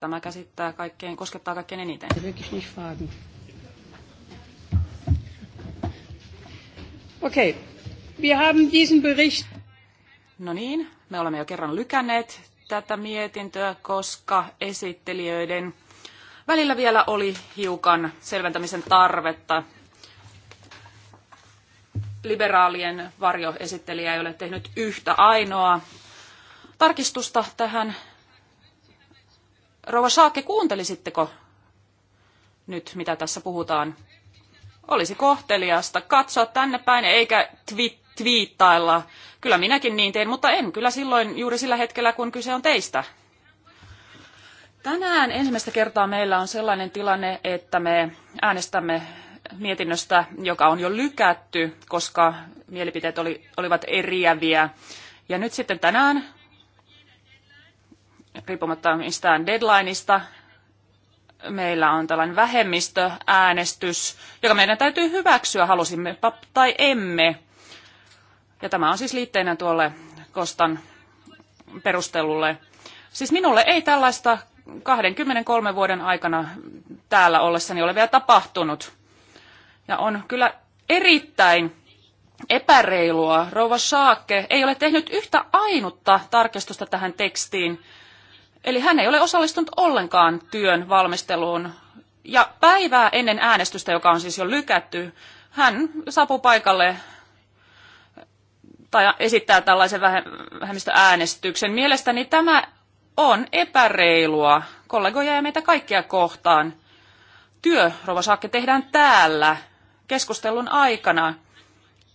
tämä käsittää kaikkein, koskettaa kaikkein eniten. okay. wir haben diesen Bericht. No niin, me olemme jo kerran lykänneet tätä mietintöä, koska esittelijöiden välillä vielä oli hiukan selventämisen tarvetta. Liberaalien varjoesittelijä ei ole tehnyt yhtä ainoa tarkistusta tähän Rouva Saakke, kuuntelisitteko nyt, mitä tässä puhutaan? Olisi kohteliasta katsoa tänne päin eikä twit twiittailla. Kyllä minäkin niin tein, mutta en kyllä silloin juuri sillä hetkellä, kun kyse on teistä. Tänään ensimmäistä kertaa meillä on sellainen tilanne, että me äänestämme mietinnöstä, joka on jo lykätty, koska mielipiteet oli, olivat eriäviä. Ja nyt sitten tänään riippumatta mistään deadlineista. Meillä on tällainen vähemmistöäänestys, joka meidän täytyy hyväksyä, halusimme tai emme. Ja tämä on siis liitteenä tuolle Kostan perustelulle. Siis minulle ei tällaista 23 vuoden aikana täällä ollessani ole vielä tapahtunut. Ja on kyllä erittäin epäreilua. Rouva Saakke ei ole tehnyt yhtä ainutta tarkistusta tähän tekstiin. Eli hän ei ole osallistunut ollenkaan työn valmisteluun. Ja päivää ennen äänestystä, joka on siis jo lykätty, hän saapuu paikalle tai esittää tällaisen vähemmistöäänestyksen. Mielestäni tämä on epäreilua kollegoja ja meitä kaikkia kohtaan. Työ, Rova Saakke, tehdään täällä keskustelun aikana.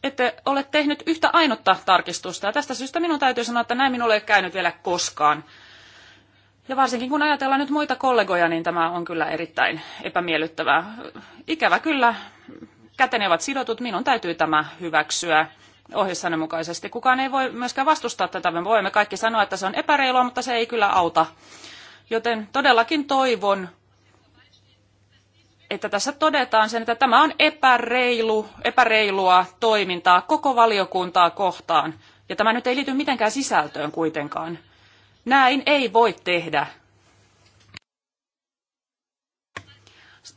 Ette ole tehnyt yhtä ainutta tarkistusta ja tästä syystä minun täytyy sanoa, että näin minulle ei käynyt vielä koskaan. Ja varsinkin kun ajatellaan nyt muita kollegoja, niin tämä on kyllä erittäin epämiellyttävää. Ikävä kyllä, käteni ovat sidotut, minun täytyy tämä hyväksyä ohjessanne mukaisesti. Kukaan ei voi myöskään vastustaa tätä. Me voimme kaikki sanoa, että se on epäreilua, mutta se ei kyllä auta. Joten todellakin toivon, että tässä todetaan sen, että tämä on epäreilu, epäreilua toimintaa koko valiokuntaa kohtaan. Ja tämä nyt ei liity mitenkään sisältöön kuitenkaan. Näin ei voi tehdä.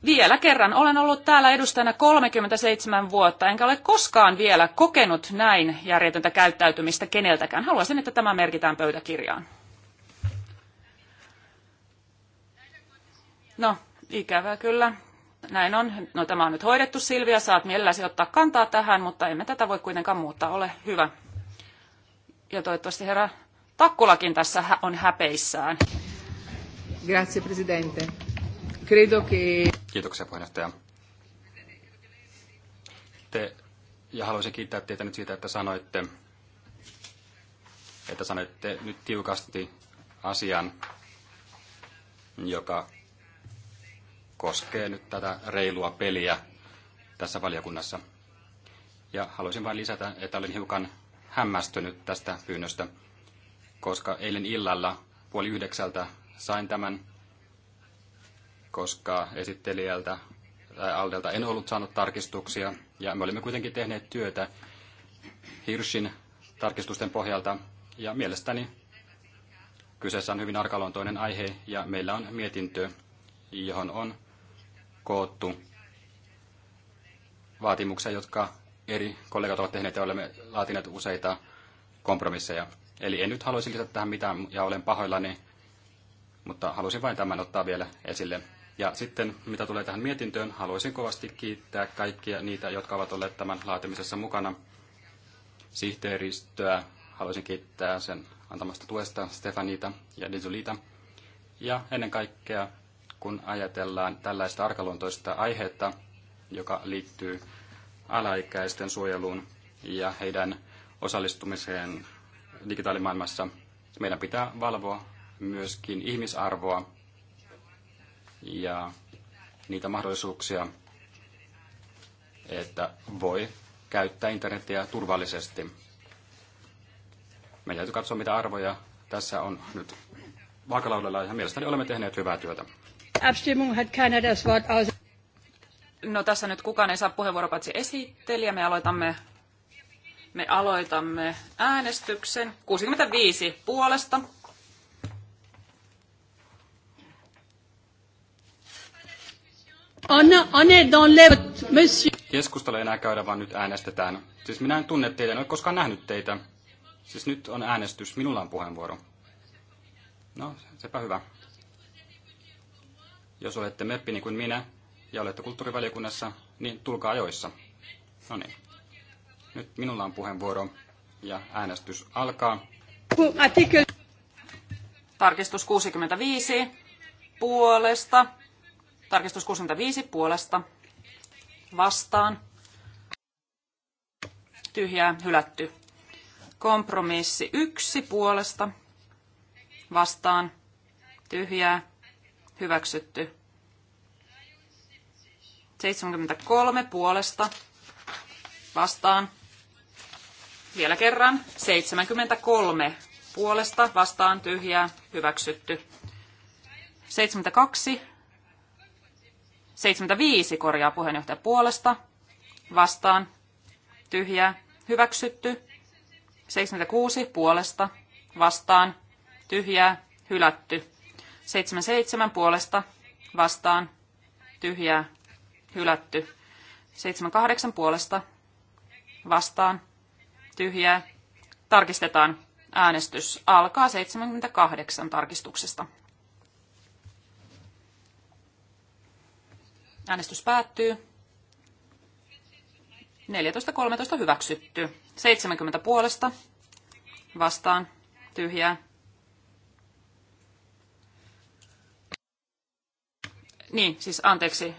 Vielä kerran, olen ollut täällä edustajana 37 vuotta, enkä ole koskaan vielä kokenut näin järjetöntä käyttäytymistä keneltäkään. Haluaisin, että tämä merkitään pöytäkirjaan. No, ikävä kyllä. Näin on. No tämä on nyt hoidettu, Silvia. Saat mielelläsi ottaa kantaa tähän, mutta emme tätä voi kuitenkaan muuttaa. Ole hyvä. Ja toivottavasti herra Takkulakin tässä on häpeissään. Grazie, presidente. Credo che... Kiitoksia, puheenjohtaja. Te, ja haluaisin kiittää teitä nyt siitä, että sanoitte, että sanoitte nyt tiukasti asian, joka koskee nyt tätä reilua peliä tässä valiokunnassa. Ja haluaisin vain lisätä, että olin hiukan hämmästynyt tästä pyynnöstä koska eilen illalla puoli yhdeksältä sain tämän, koska esittelijältä tai äh, Aldelta en ollut saanut tarkistuksia. Ja me olimme kuitenkin tehneet työtä Hirschin tarkistusten pohjalta. Ja mielestäni kyseessä on hyvin arkaluontoinen aihe ja meillä on mietintö, johon on koottu vaatimuksia, jotka eri kollegat ovat tehneet ja olemme laatineet useita kompromisseja. Eli en nyt haluaisi lisätä tähän mitään ja olen pahoillani, mutta halusin vain tämän ottaa vielä esille. Ja sitten, mitä tulee tähän mietintöön, haluaisin kovasti kiittää kaikkia niitä, jotka ovat olleet tämän laatimisessa mukana. Sihteeristöä haluaisin kiittää sen antamasta tuesta Stefanita ja Dizulita Ja ennen kaikkea, kun ajatellaan tällaista arkaluontoista aihetta, joka liittyy alaikäisten suojeluun ja heidän osallistumiseen digitaalimaailmassa. Meidän pitää valvoa myöskin ihmisarvoa ja niitä mahdollisuuksia, että voi käyttää internetiä turvallisesti. Meidän täytyy katsoa, mitä arvoja tässä on nyt vaakalaudella, ja mielestäni olemme tehneet hyvää työtä. No tässä nyt kukaan ei saa puheenvuoroa paitsi esittelijä. Me aloitamme me aloitamme äänestyksen. 65 puolesta. monsieur. Keskustelu ei enää käydä, vaan nyt äänestetään. Siis minä en tunne teitä, en ole koskaan nähnyt teitä. Siis nyt on äänestys, minulla on puheenvuoro. No, sepä hyvä. Jos olette meppi niin kuin minä ja olette kulttuurivaliokunnassa, niin tulkaa ajoissa. No niin. Nyt minulla on puheenvuoro ja äänestys alkaa. Tarkistus 65 puolesta. Tarkistus 65 puolesta. Vastaan. Tyhjää hylätty. Kompromissi 1 puolesta. Vastaan. Tyhjää. Hyväksytty. 73 puolesta. Vastaan vielä kerran 73 puolesta vastaan tyhjää hyväksytty. 72, 75 korjaa puheenjohtaja puolesta vastaan tyhjää hyväksytty. 76 puolesta vastaan tyhjää hylätty. 77 puolesta vastaan tyhjää hylätty. 78 puolesta vastaan tyhjää. Tarkistetaan. Äänestys alkaa 78 tarkistuksesta. Äänestys päättyy. 14.13 hyväksytty. 70 puolesta vastaan tyhjää. Niin, siis anteeksi,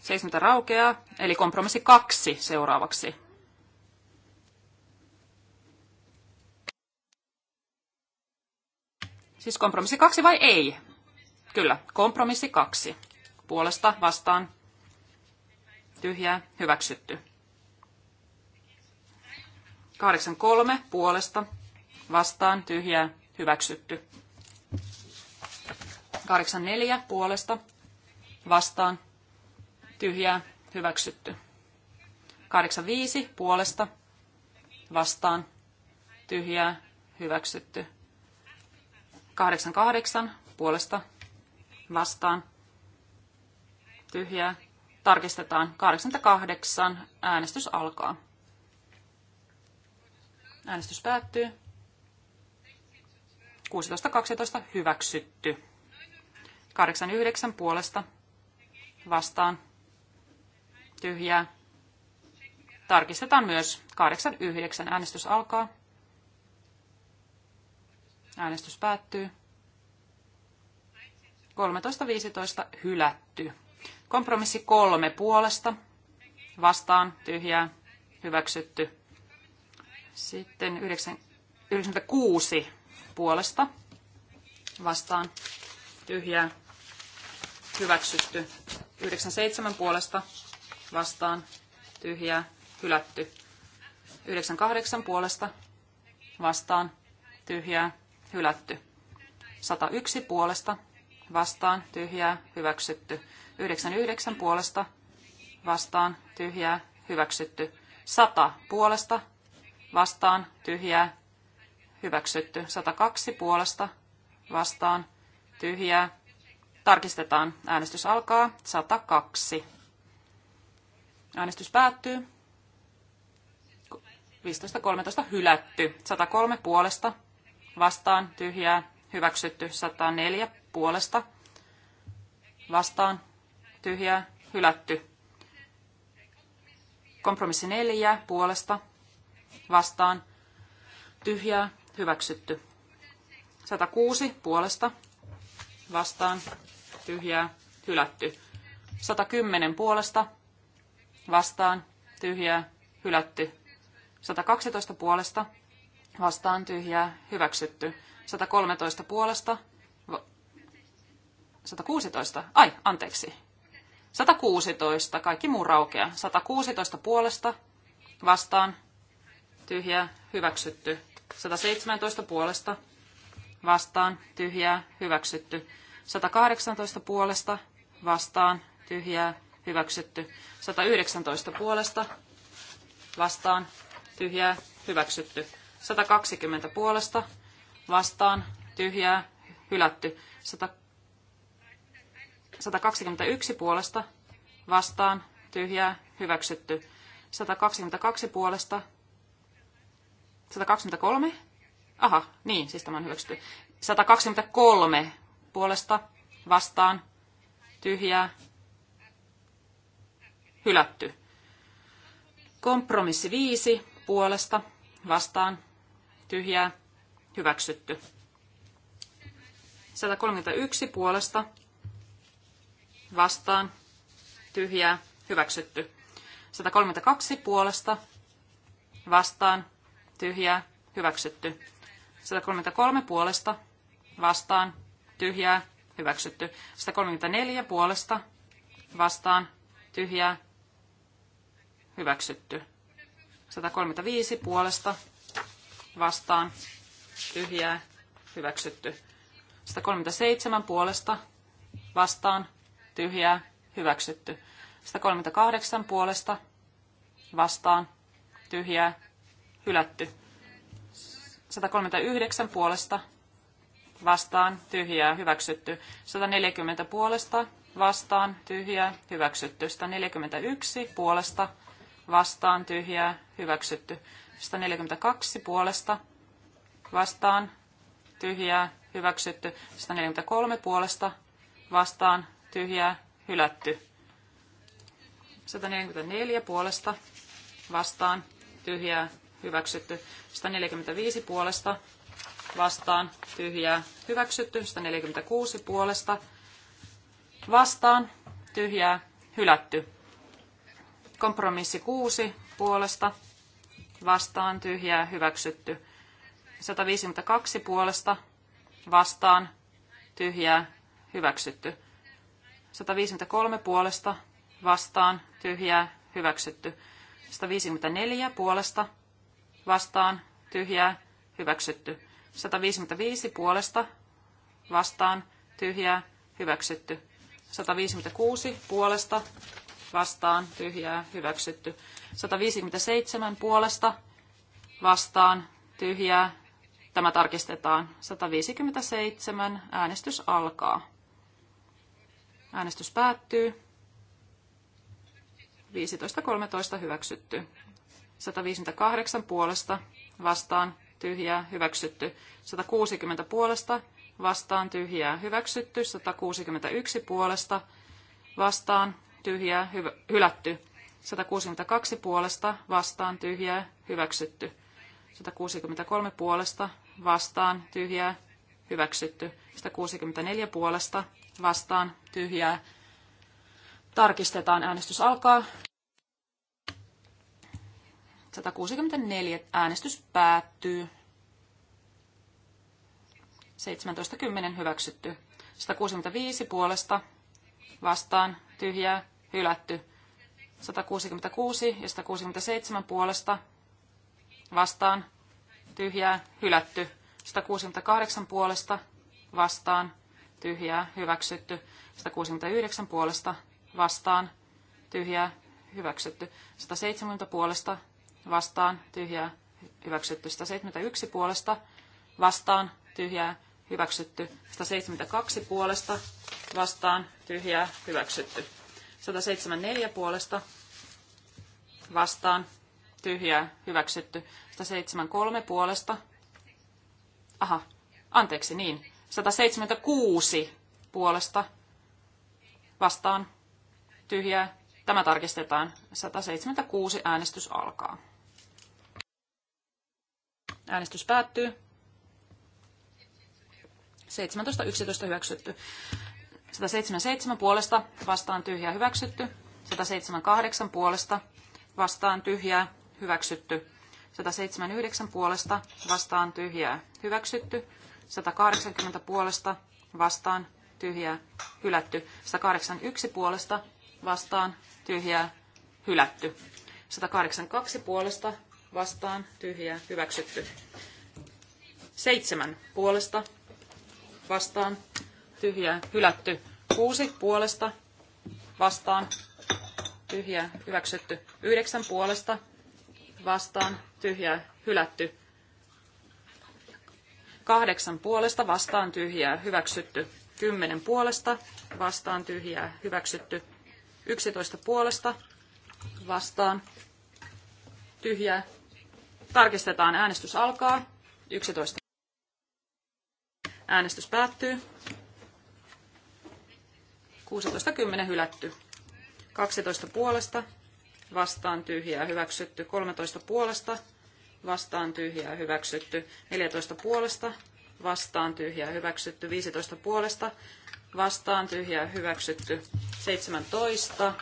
70 raukeaa, eli kompromissi kaksi seuraavaksi Siis kompromissi kaksi vai ei? Kyllä, kompromissi kaksi. Puolesta vastaan. Tyhjää, hyväksytty. 83 puolesta vastaan tyhjää hyväksytty. 84 puolesta vastaan tyhjää hyväksytty. 85 puolesta vastaan tyhjää hyväksytty. 88 puolesta vastaan tyhjää. Tarkistetaan 88. Äänestys alkaa. Äänestys päättyy. 16.12 hyväksytty. 89 puolesta vastaan tyhjää. Tarkistetaan myös 89. Äänestys alkaa. Äänestys päättyy. 13.15 hylätty. Kompromissi kolme puolesta. Vastaan tyhjää. Hyväksytty. Sitten 96 puolesta. Vastaan tyhjää. Hyväksytty. 97 puolesta. Vastaan tyhjää. Hylätty. 98 puolesta. Vastaan tyhjää hylätty. 101 puolesta vastaan tyhjää hyväksytty. 99 puolesta vastaan tyhjää hyväksytty. 100 puolesta vastaan tyhjää hyväksytty. 102 puolesta vastaan tyhjää. Tarkistetaan. Äänestys alkaa. 102. Äänestys päättyy. 15.13 hylätty. 103 puolesta vastaan tyhjää hyväksytty 104 puolesta vastaan tyhjää hylätty. Kompromissi 4 puolesta vastaan tyhjää hyväksytty. 106 puolesta vastaan tyhjää hylätty. 110 puolesta vastaan tyhjää hylätty. 112 puolesta vastaan tyhjää hyväksytty. 113 puolesta 116, ai anteeksi, 116, kaikki muu raukea. 116 puolesta vastaan tyhjää hyväksytty. 117 puolesta vastaan tyhjää hyväksytty. 118 puolesta vastaan tyhjää hyväksytty. 119 puolesta vastaan tyhjää hyväksytty. 120 puolesta vastaan tyhjää hylätty. 100, 121 puolesta vastaan tyhjää hyväksytty. 122 puolesta 123? Aha, niin, siis tämä on hyväksytty. 123 puolesta vastaan tyhjää hylätty. Kompromissi 5 puolesta vastaan tyhjää, hyväksytty. 131 puolesta, vastaan, tyhjää, hyväksytty. 132 puolesta, vastaan, tyhjää, hyväksytty. 133 puolesta, vastaan, tyhjää, hyväksytty. 134 puolesta, vastaan, tyhjää, hyväksytty. 135 puolesta, vastaan tyhjää hyväksytty. 137 puolesta vastaan tyhjää hyväksytty. 138 puolesta vastaan tyhjää hylätty. 139 puolesta vastaan tyhjää hyväksytty. 140 puolesta vastaan tyhjää hyväksytty. 141 puolesta vastaan tyhjää hyväksytty. 142 puolesta vastaan tyhjää hyväksytty. 143 puolesta vastaan tyhjää hylätty. 144 puolesta vastaan tyhjää hyväksytty. 145 puolesta vastaan tyhjää hyväksytty. 146 puolesta vastaan tyhjää hylätty. Kompromissi 6 puolesta vastaan tyhjää hyväksytty. 152 puolesta vastaan tyhjää hyväksytty. 153 puolesta vastaan tyhjää hyväksytty. 154 puolesta vastaan tyhjää hyväksytty. 155 puolesta vastaan tyhjää hyväksytty. 156 puolesta vastaan tyhjää hyväksytty. 157 puolesta vastaan tyhjää. Tämä tarkistetaan. 157 äänestys alkaa. Äänestys päättyy. 15.13 hyväksytty. 158 puolesta vastaan tyhjää hyväksytty. 160 puolesta vastaan tyhjää hyväksytty. 161 puolesta vastaan tyhjää, hyvä, hylätty. 162 puolesta, vastaan, tyhjää, hyväksytty. 163 puolesta, vastaan, tyhjää, hyväksytty. 164 puolesta, vastaan, tyhjää. Tarkistetaan, äänestys alkaa. 164 äänestys päättyy. 17.10 hyväksytty. 165 puolesta vastaan tyhjää hylätty. 166 ja 167 puolesta vastaan tyhjää hylätty. 168 puolesta vastaan tyhjää hyväksytty. 169 puolesta vastaan tyhjää hyväksytty. 170 puolesta vastaan tyhjää hyväksytty. 171 puolesta vastaan tyhjää hyväksytty. 172 puolesta vastaan tyhjää hyväksytty. 174 puolesta vastaan tyhjää hyväksytty. 173 puolesta. Aha, anteeksi niin. 176 puolesta vastaan tyhjää. Tämä tarkistetaan. 176 äänestys alkaa. Äänestys päättyy. 17.11 hyväksytty. 177 puolesta vastaan tyhjä hyväksytty. 178 puolesta vastaan tyhjää hyväksytty. 179 puolesta vastaan tyhjää hyväksytty. 180 puolesta vastaan tyhjää hylätty. 181 puolesta vastaan tyhjää hylätty. 182 puolesta vastaan tyhjää hyväksytty. 7 puolesta vastaan tyhjää, hylätty. Kuusi puolesta vastaan, tyhjää, hyväksytty. Yhdeksän puolesta vastaan, tyhjää, hylätty. Kahdeksan puolesta vastaan, tyhjää, hyväksytty. Kymmenen puolesta vastaan, tyhjää, hyväksytty. Yksitoista puolesta vastaan, tyhjää. Tarkistetaan, äänestys alkaa. Yksitoista Äänestys päättyy. 16.10 hylätty. 12 puolesta vastaan tyhjää hyväksytty. 13 puolesta vastaan tyhjää hyväksytty. 14 puolesta vastaan tyhjää hyväksytty. 15 puolesta vastaan tyhjää hyväksytty. 17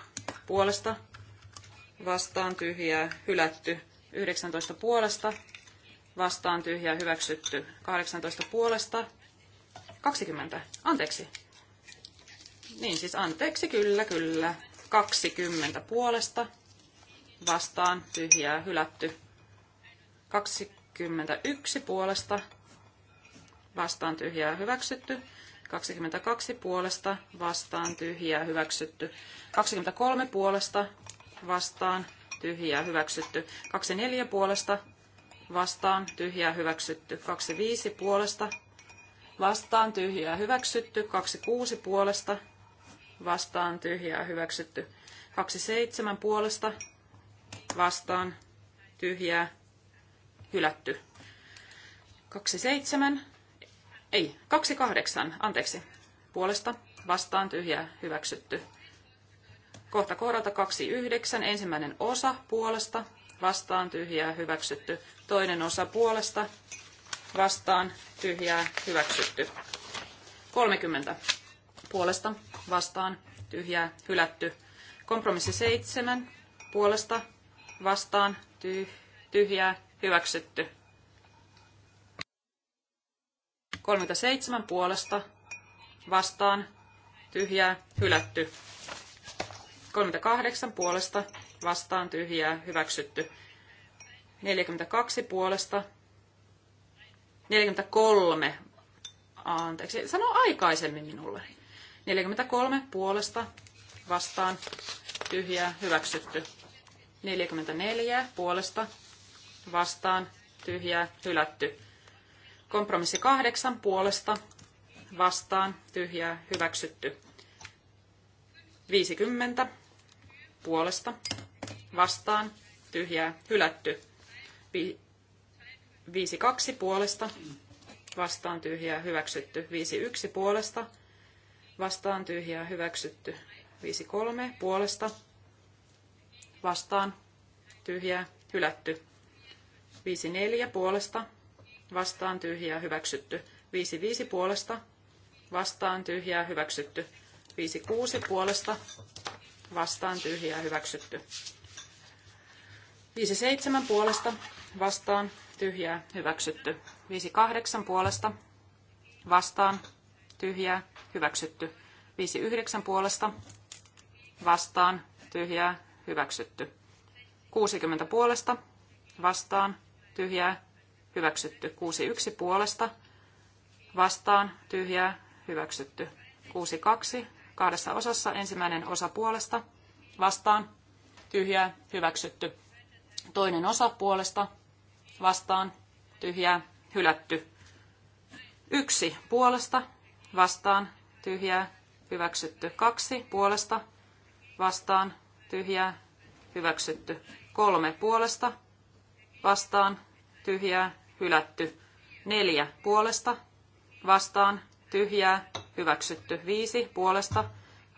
puolesta vastaan tyhjää hylätty. 19 puolesta vastaan tyhjää hyväksytty. 18 puolesta 20. Anteeksi. Niin siis anteeksi, kyllä, kyllä. 20 puolesta vastaan tyhjää hylätty. 21 puolesta vastaan tyhjää hyväksytty. 22 puolesta vastaan tyhjää hyväksytty. 23 puolesta vastaan tyhjää hyväksytty. 24 puolesta vastaan tyhjää hyväksytty. 25 puolesta vastaan tyhjää hyväksytty. 26 puolesta vastaan tyhjää hyväksytty. 27 puolesta vastaan tyhjää hylätty. 27, ei, 28, anteeksi, puolesta vastaan tyhjää hyväksytty. Kohta kohdalta 29, ensimmäinen osa puolesta vastaan tyhjää hyväksytty. Toinen osa puolesta vastaan tyhjää hyväksytty. 30 puolesta vastaan tyhjää hylätty. Kompromissi seitsemän puolesta vastaan tyhjää hyväksytty. 37 puolesta vastaan tyhjää hylätty. 38 puolesta vastaan tyhjää hyväksytty. 42 puolesta 43 anteeksi, sano aikaisemmin minulle. 43 puolesta vastaan tyhjää hyväksytty. 44 puolesta vastaan tyhjää hylätty. Kompromissi 8 puolesta vastaan tyhjää hyväksytty. 50 puolesta vastaan tyhjää hylätty. 52 puolesta vastaan tyhjää hyväksytty. 51 puolesta vastaan tyhjää hyväksytty. 5-3 puolesta vastaan tyhjää hylätty. 5-4 puolesta vastaan tyhjää hyväksytty. 5-5 puolesta vastaan tyhjää hyväksytty. 5-6 puolesta vastaan tyhjää hyväksytty. 5-7 puolesta vastaan tyhjää hyväksytty. 5-8 puolesta vastaan tyhjää hyväksytty. 59 puolesta vastaan tyhjää hyväksytty. 60 puolesta vastaan tyhjää hyväksytty. 61 puolesta vastaan tyhjää hyväksytty. 62 kahdessa osassa ensimmäinen osa puolesta vastaan tyhjää hyväksytty. Toinen osa puolesta vastaan tyhjää hylätty. Yksi puolesta vastaan tyhjää, hyväksytty. Kaksi puolesta, vastaan, tyhjää, hyväksytty. Kolme puolesta, vastaan, tyhjää, hylätty. Neljä puolesta, vastaan, tyhjää, hyväksytty. Viisi puolesta,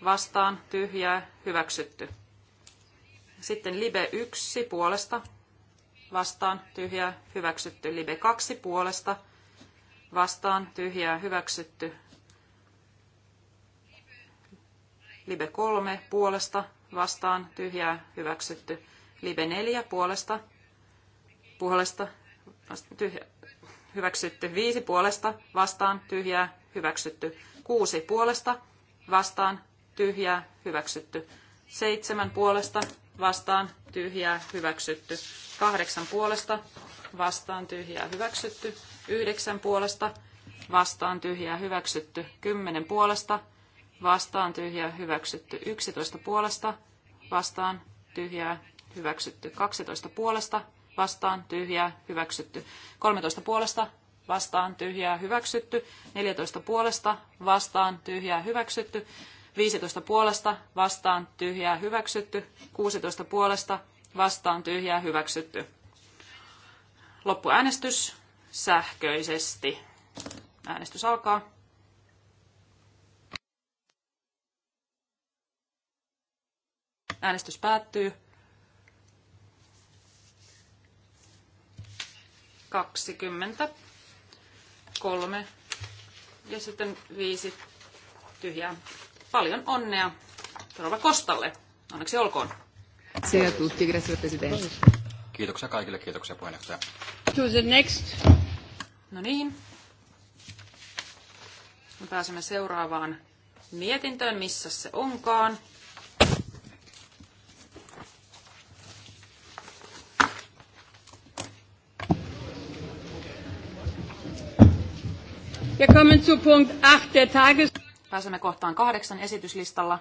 vastaan, tyhjää, hyväksytty. Sitten libe yksi puolesta, vastaan, tyhjää, hyväksytty. Libe kaksi puolesta, vastaan, tyhjää, hyväksytty. Libe 3 puolesta vastaan tyhjää hyväksytty. Libe 4 puolesta puolesta tyhjä, hyväksytty. 5 puolesta vastaan tyhjää hyväksytty. 6 puolesta vastaan tyhjää hyväksytty. 7 puolesta vastaan tyhjää hyväksytty. 8 puolesta vastaan tyhjää hyväksytty. 9 puolesta vastaan tyhjää hyväksytty. 10 puolesta vastaan tyhjää hyväksytty 11 puolesta, vastaan tyhjää hyväksytty 12 puolesta, vastaan tyhjää hyväksytty 13 puolesta, vastaan tyhjää hyväksytty 14 puolesta, vastaan tyhjää hyväksytty 15 puolesta, vastaan tyhjää hyväksytty 16 puolesta, vastaan tyhjää hyväksytty. Loppuäänestys sähköisesti. Äänestys alkaa. Äänestys päättyy. Kaksikymmentä. kolme ja sitten viisi tyhjää. Paljon onnea Rova Kostalle. Onneksi olkoon. Grazie tutti, grazie Kiitoksia kaikille, kiitoksia puheenjohtaja. To the next. No niin. Me pääsemme seuraavaan mietintöön, missä se onkaan. Wir kommen zu Punkt 8 der Tages... Pääsemme kohtaan kahdeksan esityslistalla.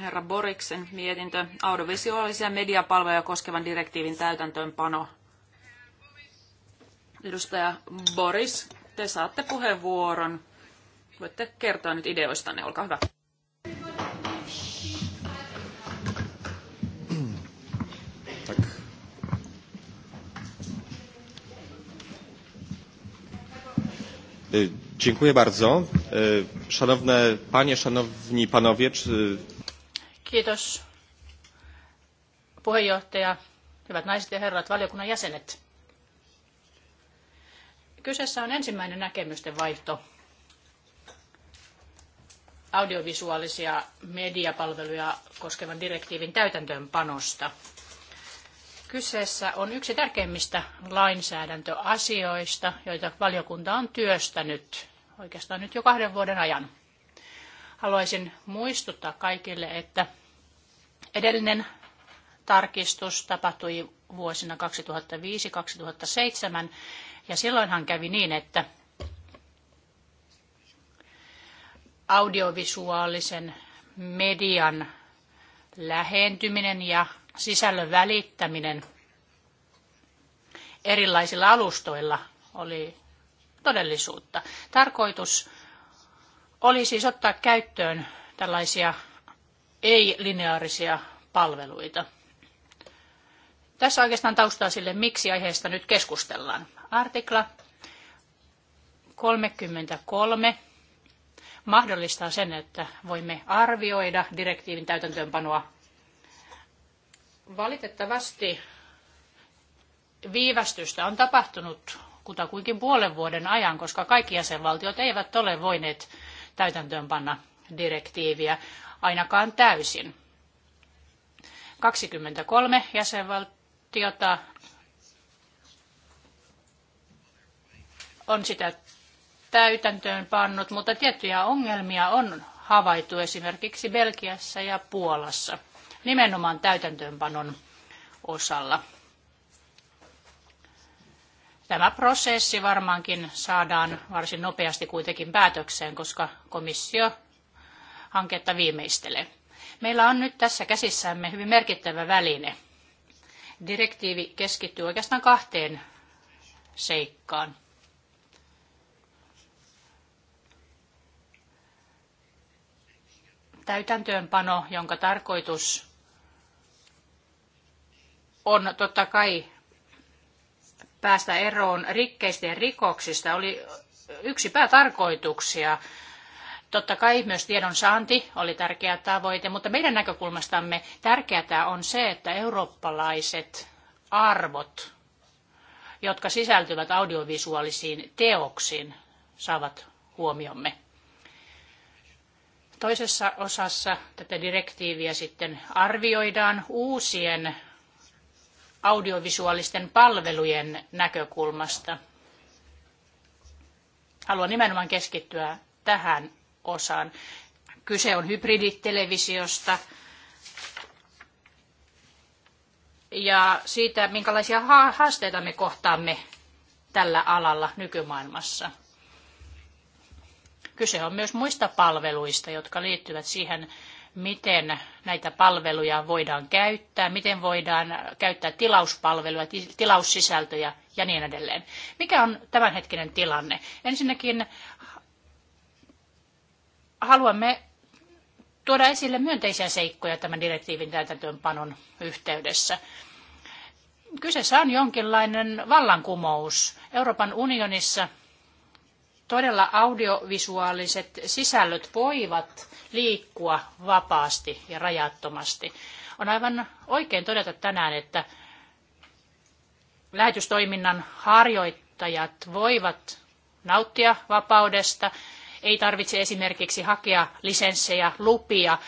Herra Boriksen mietintö audiovisuaalisia mediapalveluja koskevan direktiivin täytäntöönpano. Edustaja Boris, te saatte puheenvuoron. Voitte kertoa nyt ideoistanne, olkaa hyvä. E, dziękuję bardzo. E, szanowne panie, szanowni panowie. Czy... Kiitos puheenjohtaja, hyvät naiset ja herrat, valiokunnan jäsenet. Kyseessä on ensimmäinen näkemysten vaihto audiovisuaalisia mediapalveluja koskevan direktiivin täytäntöönpanosta. Kyseessä on yksi tärkeimmistä lainsäädäntöasioista, joita valiokunta on työstänyt oikeastaan nyt jo kahden vuoden ajan. Haluaisin muistuttaa kaikille, että edellinen tarkistus tapahtui vuosina 2005-2007, ja silloinhan kävi niin, että audiovisuaalisen median lähentyminen ja sisällön välittäminen erilaisilla alustoilla oli todellisuutta. Tarkoitus oli siis ottaa käyttöön tällaisia ei-lineaarisia palveluita. Tässä oikeastaan taustaa sille, miksi aiheesta nyt keskustellaan. Artikla 33 mahdollistaa sen, että voimme arvioida direktiivin täytäntöönpanoa Valitettavasti viivästystä on tapahtunut kutakuinkin puolen vuoden ajan, koska kaikki jäsenvaltiot eivät ole voineet täytäntöönpanna direktiiviä ainakaan täysin. 23 jäsenvaltiota on sitä täytäntöön pannut, mutta tiettyjä ongelmia on havaittu esimerkiksi Belgiassa ja Puolassa nimenomaan täytäntöönpanon osalla. Tämä prosessi varmaankin saadaan varsin nopeasti kuitenkin päätökseen, koska komissio hanketta viimeistelee. Meillä on nyt tässä käsissämme hyvin merkittävä väline. Direktiivi keskittyy oikeastaan kahteen seikkaan. Täytäntöönpano, jonka tarkoitus on totta kai päästä eroon rikkeistä ja rikoksista. Oli yksi päätarkoituksia. Totta kai myös tiedon saanti oli tärkeä tavoite, mutta meidän näkökulmastamme tärkeää on se, että eurooppalaiset arvot, jotka sisältyvät audiovisuaalisiin teoksiin, saavat huomiomme. Toisessa osassa tätä direktiiviä sitten arvioidaan uusien audiovisuaalisten palvelujen näkökulmasta. Haluan nimenomaan keskittyä tähän osaan. Kyse on hybriditelevisiosta ja siitä, minkälaisia haasteita me kohtaamme tällä alalla nykymaailmassa. Kyse on myös muista palveluista, jotka liittyvät siihen, miten näitä palveluja voidaan käyttää, miten voidaan käyttää tilauspalveluja, tilaussisältöjä ja niin edelleen. Mikä on tämänhetkinen tilanne? Ensinnäkin haluamme tuoda esille myönteisiä seikkoja tämän direktiivin täytäntöönpanon yhteydessä. Kyseessä on jonkinlainen vallankumous. Euroopan unionissa todella audiovisuaaliset sisällöt voivat liikkua vapaasti ja rajattomasti. On aivan oikein todeta tänään, että lähetystoiminnan harjoittajat voivat nauttia vapaudesta. Ei tarvitse esimerkiksi hakea lisenssejä, lupia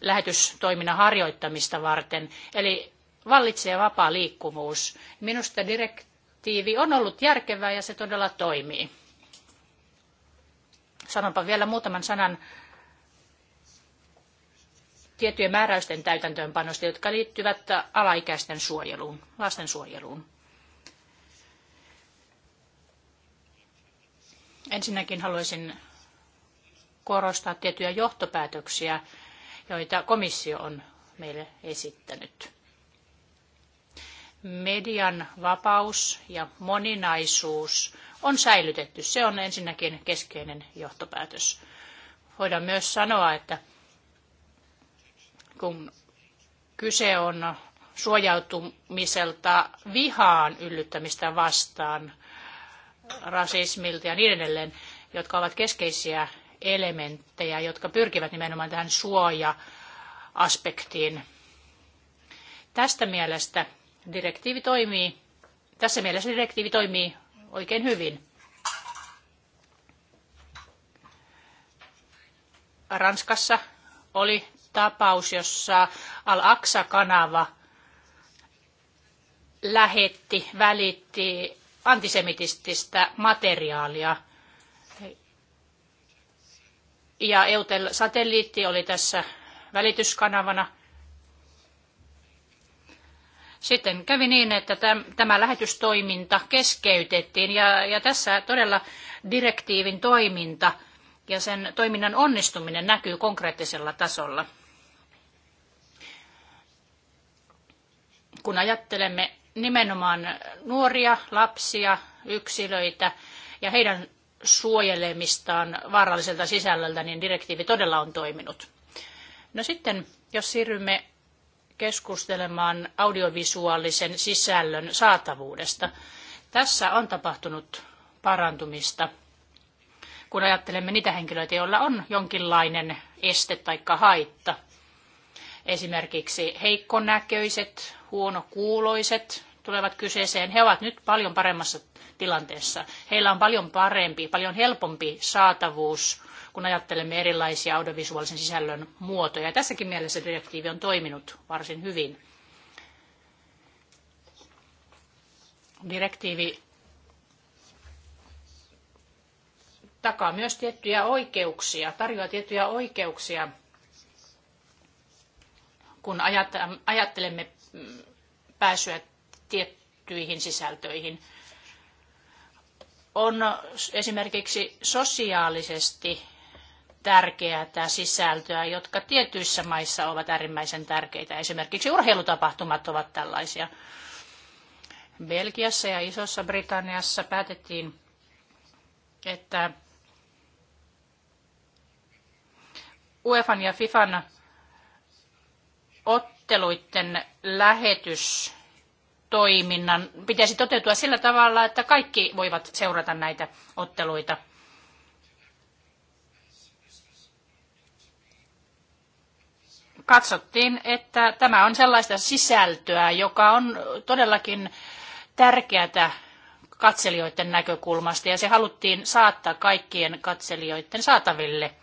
lähetystoiminnan harjoittamista varten. Eli vallitsee vapaa liikkuvuus. Minusta direktiivi on ollut järkevää ja se todella toimii. Sanonpa vielä muutaman sanan tiettyjen määräysten täytäntöönpanosta, jotka liittyvät alaikäisten suojeluun, lastensuojeluun. Ensinnäkin haluaisin korostaa tiettyjä johtopäätöksiä, joita komissio on meille esittänyt. Median vapaus ja moninaisuus on säilytetty. Se on ensinnäkin keskeinen johtopäätös. Voidaan myös sanoa, että kun kyse on suojautumiselta vihaan yllyttämistä vastaan, rasismilta ja niin edelleen, jotka ovat keskeisiä elementtejä, jotka pyrkivät nimenomaan tähän suoja-aspektiin. Tästä mielestä direktiivi toimii, tässä mielessä direktiivi toimii oikein hyvin. Ranskassa oli tapaus, jossa Al-Aqsa-kanava lähetti, välitti antisemitististä materiaalia. Ja Eutel-satelliitti oli tässä välityskanavana. Sitten kävi niin, että tämä lähetystoiminta keskeytettiin ja, ja tässä todella direktiivin toiminta ja sen toiminnan onnistuminen näkyy konkreettisella tasolla. kun ajattelemme nimenomaan nuoria, lapsia, yksilöitä ja heidän suojelemistaan vaaralliselta sisällöltä, niin direktiivi todella on toiminut. No sitten, jos siirrymme keskustelemaan audiovisuaalisen sisällön saatavuudesta. Tässä on tapahtunut parantumista, kun ajattelemme niitä henkilöitä, joilla on jonkinlainen este tai haitta – Esimerkiksi heikkonäköiset, huonokuuloiset tulevat kyseeseen. He ovat nyt paljon paremmassa tilanteessa. Heillä on paljon parempi, paljon helpompi saatavuus, kun ajattelemme erilaisia audiovisuaalisen sisällön muotoja. Tässäkin mielessä direktiivi on toiminut varsin hyvin. Direktiivi takaa myös tiettyjä oikeuksia, tarjoaa tiettyjä oikeuksia kun ajattelemme pääsyä tiettyihin sisältöihin. On esimerkiksi sosiaalisesti tärkeää sisältöä, jotka tietyissä maissa ovat äärimmäisen tärkeitä. Esimerkiksi urheilutapahtumat ovat tällaisia. Belgiassa ja Isossa Britanniassa päätettiin, että UEFA ja FIFan otteluiden lähetystoiminnan pitäisi toteutua sillä tavalla, että kaikki voivat seurata näitä otteluita. Katsottiin, että tämä on sellaista sisältöä, joka on todellakin tärkeää katselijoiden näkökulmasta ja se haluttiin saattaa kaikkien katselijoiden saataville –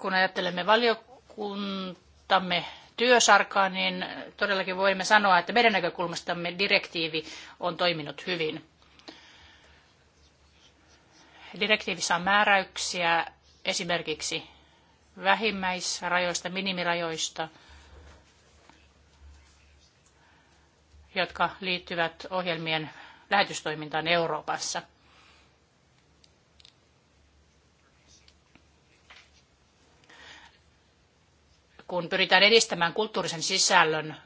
kun ajattelemme valiokuntamme työsarkaa, niin todellakin voimme sanoa, että meidän näkökulmastamme direktiivi on toiminut hyvin. Direktiivissä on määräyksiä esimerkiksi vähimmäisrajoista, minimirajoista, jotka liittyvät ohjelmien lähetystoimintaan Euroopassa – kun pyritään edistämään kulttuurisen sisällön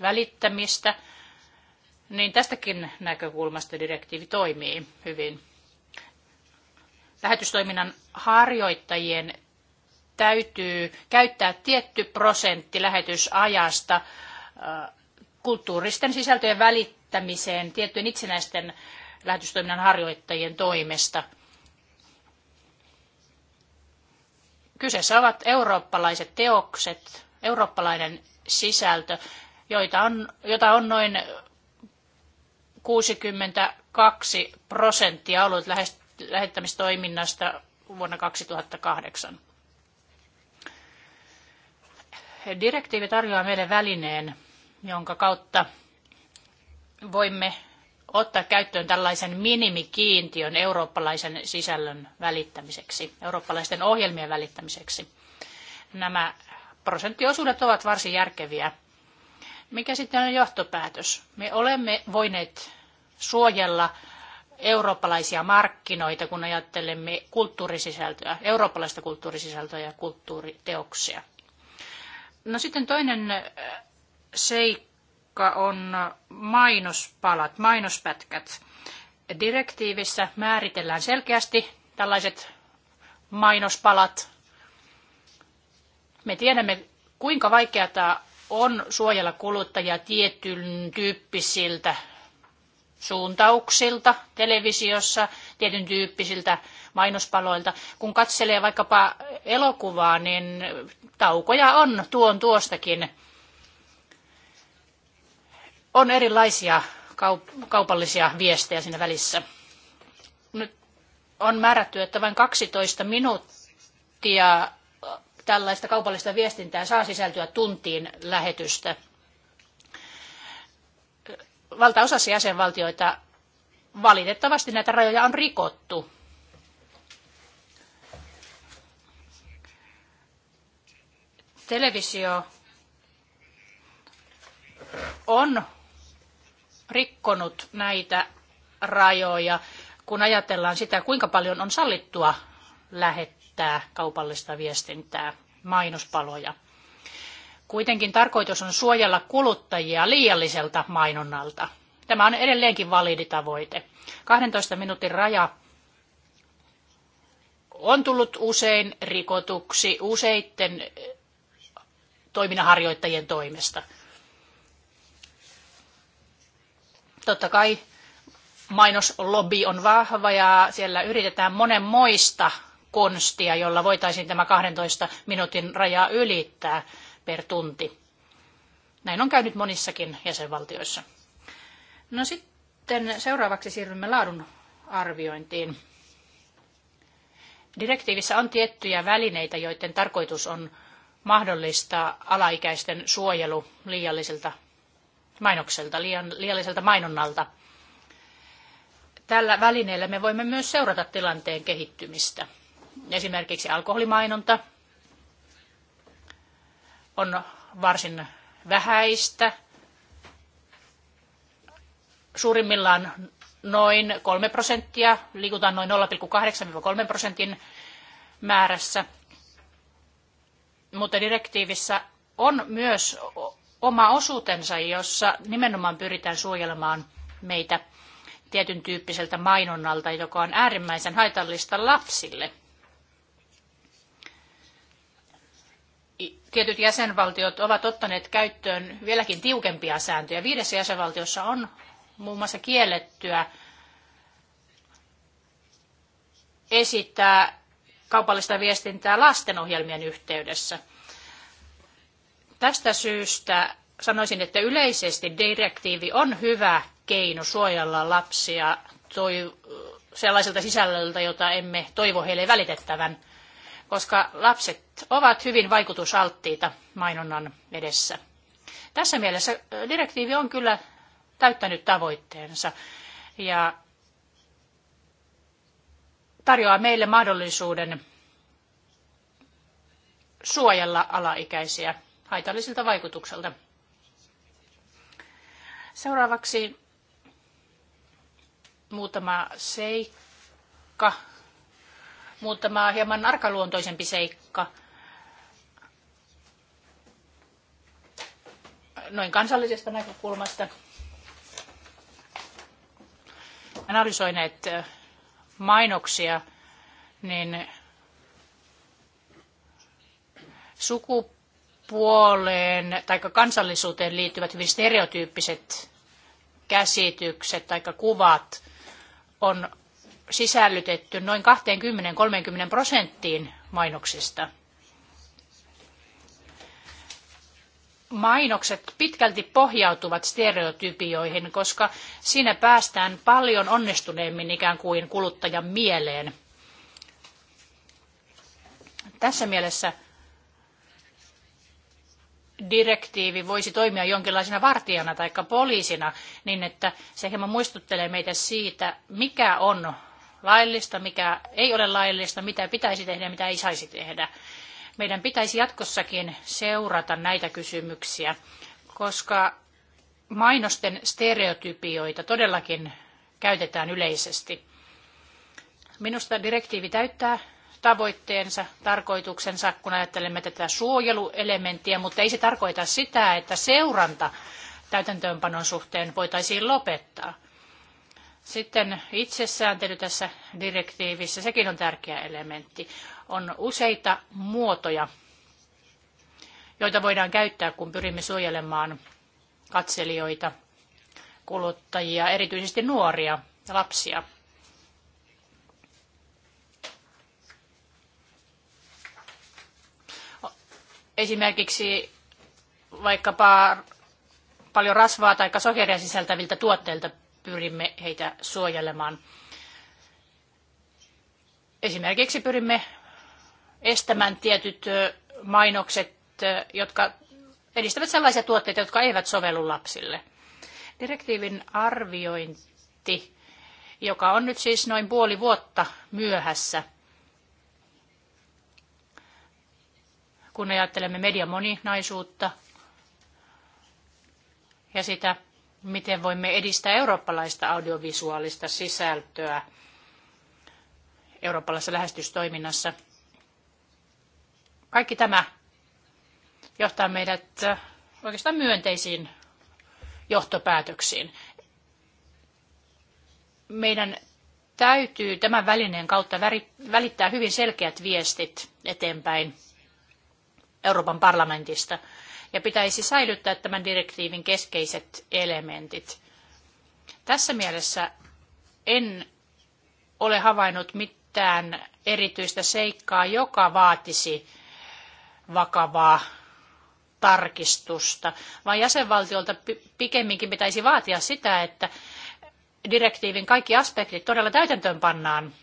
välittämistä, niin tästäkin näkökulmasta direktiivi toimii hyvin. Lähetystoiminnan harjoittajien täytyy käyttää tietty prosentti lähetysajasta äh, kulttuuristen sisältöjen välittämiseen tiettyjen itsenäisten lähetystoiminnan harjoittajien toimesta – Kyseessä ovat eurooppalaiset teokset, eurooppalainen sisältö, joita on, jota on noin 62 prosenttia ollut lähettämistoiminnasta vuonna 2008. Direktiivi tarjoaa meille välineen, jonka kautta voimme ottaa käyttöön tällaisen minimikiintiön eurooppalaisen sisällön välittämiseksi, eurooppalaisten ohjelmien välittämiseksi. Nämä prosenttiosuudet ovat varsin järkeviä. Mikä sitten on johtopäätös? Me olemme voineet suojella eurooppalaisia markkinoita, kun ajattelemme kulttuurisisältöä, eurooppalaista kulttuurisisältöä ja kulttuuriteoksia. No sitten toinen äh, seikka taakka on mainospalat, mainospätkät. Direktiivissä määritellään selkeästi tällaiset mainospalat. Me tiedämme, kuinka vaikeata on suojella kuluttajia tietyn tyyppisiltä suuntauksilta televisiossa, tietyn tyyppisiltä mainospaloilta. Kun katselee vaikkapa elokuvaa, niin taukoja on tuon tuostakin on erilaisia kaupallisia viestejä siinä välissä. Nyt on määrätty, että vain 12 minuuttia tällaista kaupallista viestintää saa sisältyä tuntiin lähetystä. Valtaosassa jäsenvaltioita valitettavasti näitä rajoja on rikottu. Televisio on rikkonut näitä rajoja, kun ajatellaan sitä, kuinka paljon on sallittua lähettää kaupallista viestintää, mainospaloja. Kuitenkin tarkoitus on suojella kuluttajia liialliselta mainonnalta. Tämä on edelleenkin validi tavoite. 12 minuutin raja on tullut usein rikotuksi useitten toiminnanharjoittajien toimesta – Totta kai mainoslobby on vahva ja siellä yritetään monenmoista konstia, jolla voitaisiin tämä 12 minuutin raja ylittää per tunti. Näin on käynyt monissakin jäsenvaltioissa. No sitten seuraavaksi siirrymme laadun arviointiin. Direktiivissä on tiettyjä välineitä, joiden tarkoitus on mahdollistaa alaikäisten suojelu liialliselta mainokselta, liian, liialliselta mainonnalta. Tällä välineellä me voimme myös seurata tilanteen kehittymistä. Esimerkiksi alkoholimainonta on varsin vähäistä. Suurimmillaan noin 3 prosenttia, liikutaan noin 0,8-3 prosentin määrässä. Mutta direktiivissä on myös oma osuutensa, jossa nimenomaan pyritään suojelemaan meitä tietyn tyyppiseltä mainonnalta, joka on äärimmäisen haitallista lapsille. Tietyt jäsenvaltiot ovat ottaneet käyttöön vieläkin tiukempia sääntöjä. Viidessä jäsenvaltiossa on muun muassa kiellettyä esittää kaupallista viestintää lastenohjelmien yhteydessä – Tästä syystä sanoisin, että yleisesti direktiivi on hyvä keino suojella lapsia toi, sellaiselta sisällöltä, jota emme toivo heille välitettävän, koska lapset ovat hyvin vaikutusalttiita mainonnan edessä. Tässä mielessä direktiivi on kyllä täyttänyt tavoitteensa ja tarjoaa meille mahdollisuuden suojella alaikäisiä haitallisilta vaikutukselta. Seuraavaksi muutama seikka, muutama hieman arkaluontoisempi seikka. Noin kansallisesta näkökulmasta analysoineet mainoksia, niin sukup sukupuoleen tai kansallisuuteen liittyvät hyvin stereotyyppiset käsitykset tai kuvat on sisällytetty noin 20-30 prosenttiin mainoksista. Mainokset pitkälti pohjautuvat stereotypioihin, koska siinä päästään paljon onnistuneemmin ikään kuin kuluttajan mieleen. Tässä mielessä direktiivi voisi toimia jonkinlaisena vartijana tai poliisina, niin että se hieman muistuttelee meitä siitä, mikä on laillista, mikä ei ole laillista, mitä pitäisi tehdä ja mitä ei saisi tehdä. Meidän pitäisi jatkossakin seurata näitä kysymyksiä, koska mainosten stereotypioita todellakin käytetään yleisesti. Minusta direktiivi täyttää tavoitteensa, tarkoituksensa, kun ajattelemme tätä suojeluelementtiä, mutta ei se tarkoita sitä, että seuranta täytäntöönpanon suhteen voitaisiin lopettaa. Sitten itsesääntely tässä direktiivissä, sekin on tärkeä elementti. On useita muotoja, joita voidaan käyttää, kun pyrimme suojelemaan katselijoita, kuluttajia, erityisesti nuoria ja lapsia. esimerkiksi vaikkapa paljon rasvaa tai sokeria sisältäviltä tuotteilta pyrimme heitä suojelemaan. Esimerkiksi pyrimme estämään tietyt mainokset, jotka edistävät sellaisia tuotteita, jotka eivät sovellu lapsille. Direktiivin arviointi, joka on nyt siis noin puoli vuotta myöhässä, kun ajattelemme median moninaisuutta ja sitä, miten voimme edistää eurooppalaista audiovisuaalista sisältöä eurooppalaisessa lähestystoiminnassa. Kaikki tämä johtaa meidät oikeastaan myönteisiin johtopäätöksiin. Meidän täytyy tämän välineen kautta välittää hyvin selkeät viestit eteenpäin Euroopan parlamentista. Ja pitäisi säilyttää tämän direktiivin keskeiset elementit. Tässä mielessä en ole havainnut mitään erityistä seikkaa, joka vaatisi vakavaa tarkistusta, vaan jäsenvaltiolta pikemminkin pitäisi vaatia sitä, että direktiivin kaikki aspektit todella täytäntöön pannaan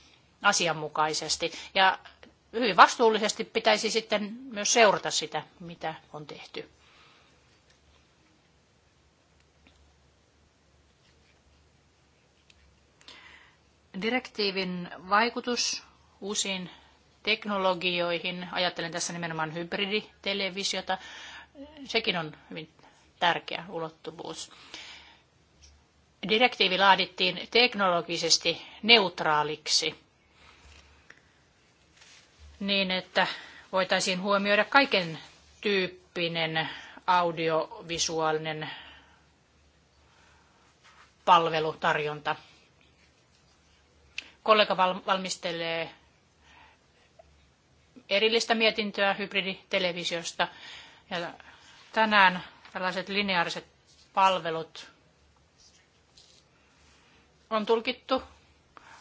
asianmukaisesti. Ja hyvin vastuullisesti pitäisi sitten myös seurata sitä, mitä on tehty. Direktiivin vaikutus uusiin teknologioihin, ajattelen tässä nimenomaan hybriditelevisiota, sekin on hyvin tärkeä ulottuvuus. Direktiivi laadittiin teknologisesti neutraaliksi niin, että voitaisiin huomioida kaiken tyyppinen audiovisuaalinen palvelutarjonta. Kollega valmistelee erillistä mietintöä hybriditelevisiosta. Ja tänään tällaiset lineaariset palvelut on tulkittu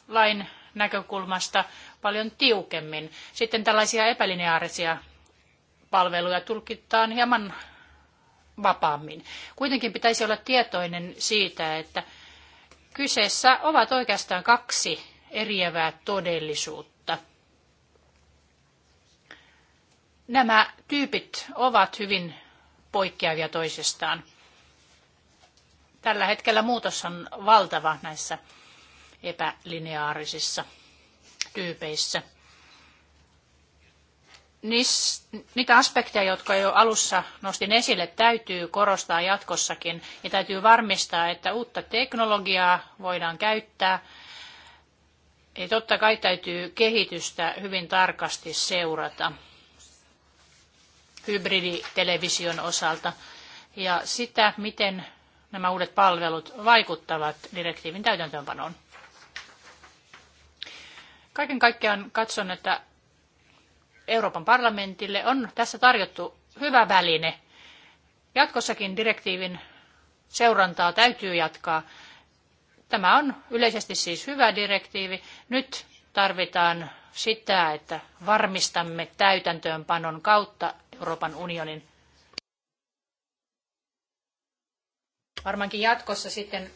lain näkökulmasta paljon tiukemmin. Sitten tällaisia epälineaarisia palveluja tulkitaan hieman vapaammin. Kuitenkin pitäisi olla tietoinen siitä, että kyseessä ovat oikeastaan kaksi eriävää todellisuutta. Nämä tyypit ovat hyvin poikkeavia toisistaan. Tällä hetkellä muutos on valtava näissä epälineaarisissa tyypeissä. Niis, niitä aspekteja, jotka jo alussa nostin esille, täytyy korostaa jatkossakin ja täytyy varmistaa, että uutta teknologiaa voidaan käyttää. Ja totta kai täytyy kehitystä hyvin tarkasti seurata hybriditelevision osalta ja sitä, miten nämä uudet palvelut vaikuttavat direktiivin täytäntöönpanoon. Kaiken kaikkiaan katson, että Euroopan parlamentille on tässä tarjottu hyvä väline. Jatkossakin direktiivin seurantaa täytyy jatkaa. Tämä on yleisesti siis hyvä direktiivi. Nyt tarvitaan sitä, että varmistamme täytäntöönpanon kautta Euroopan unionin. Varmaankin jatkossa sitten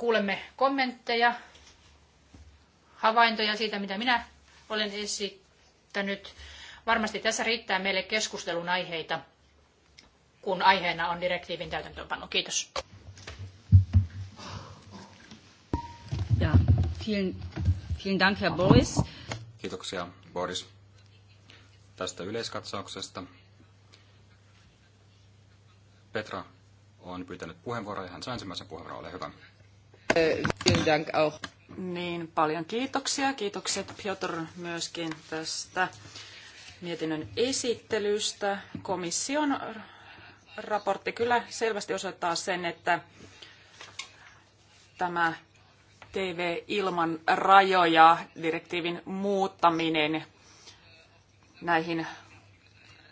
kuulemme kommentteja, havaintoja siitä, mitä minä olen esittänyt. Varmasti tässä riittää meille keskustelun aiheita, kun aiheena on direktiivin täytäntöönpano. Kiitos. Ja, vielen, vielen Dank, Herr Boris. Kiitoksia, Boris, tästä yleiskatsauksesta. Petra on pyytänyt puheenvuoroa ja hän sai ensimmäisen puheenvuoron. Ole hyvä. Niin, paljon kiitoksia. Kiitokset Piotr myöskin tästä mietinnön esittelystä. Komission raportti kyllä selvästi osoittaa sen, että tämä TV ilman rajoja direktiivin muuttaminen näihin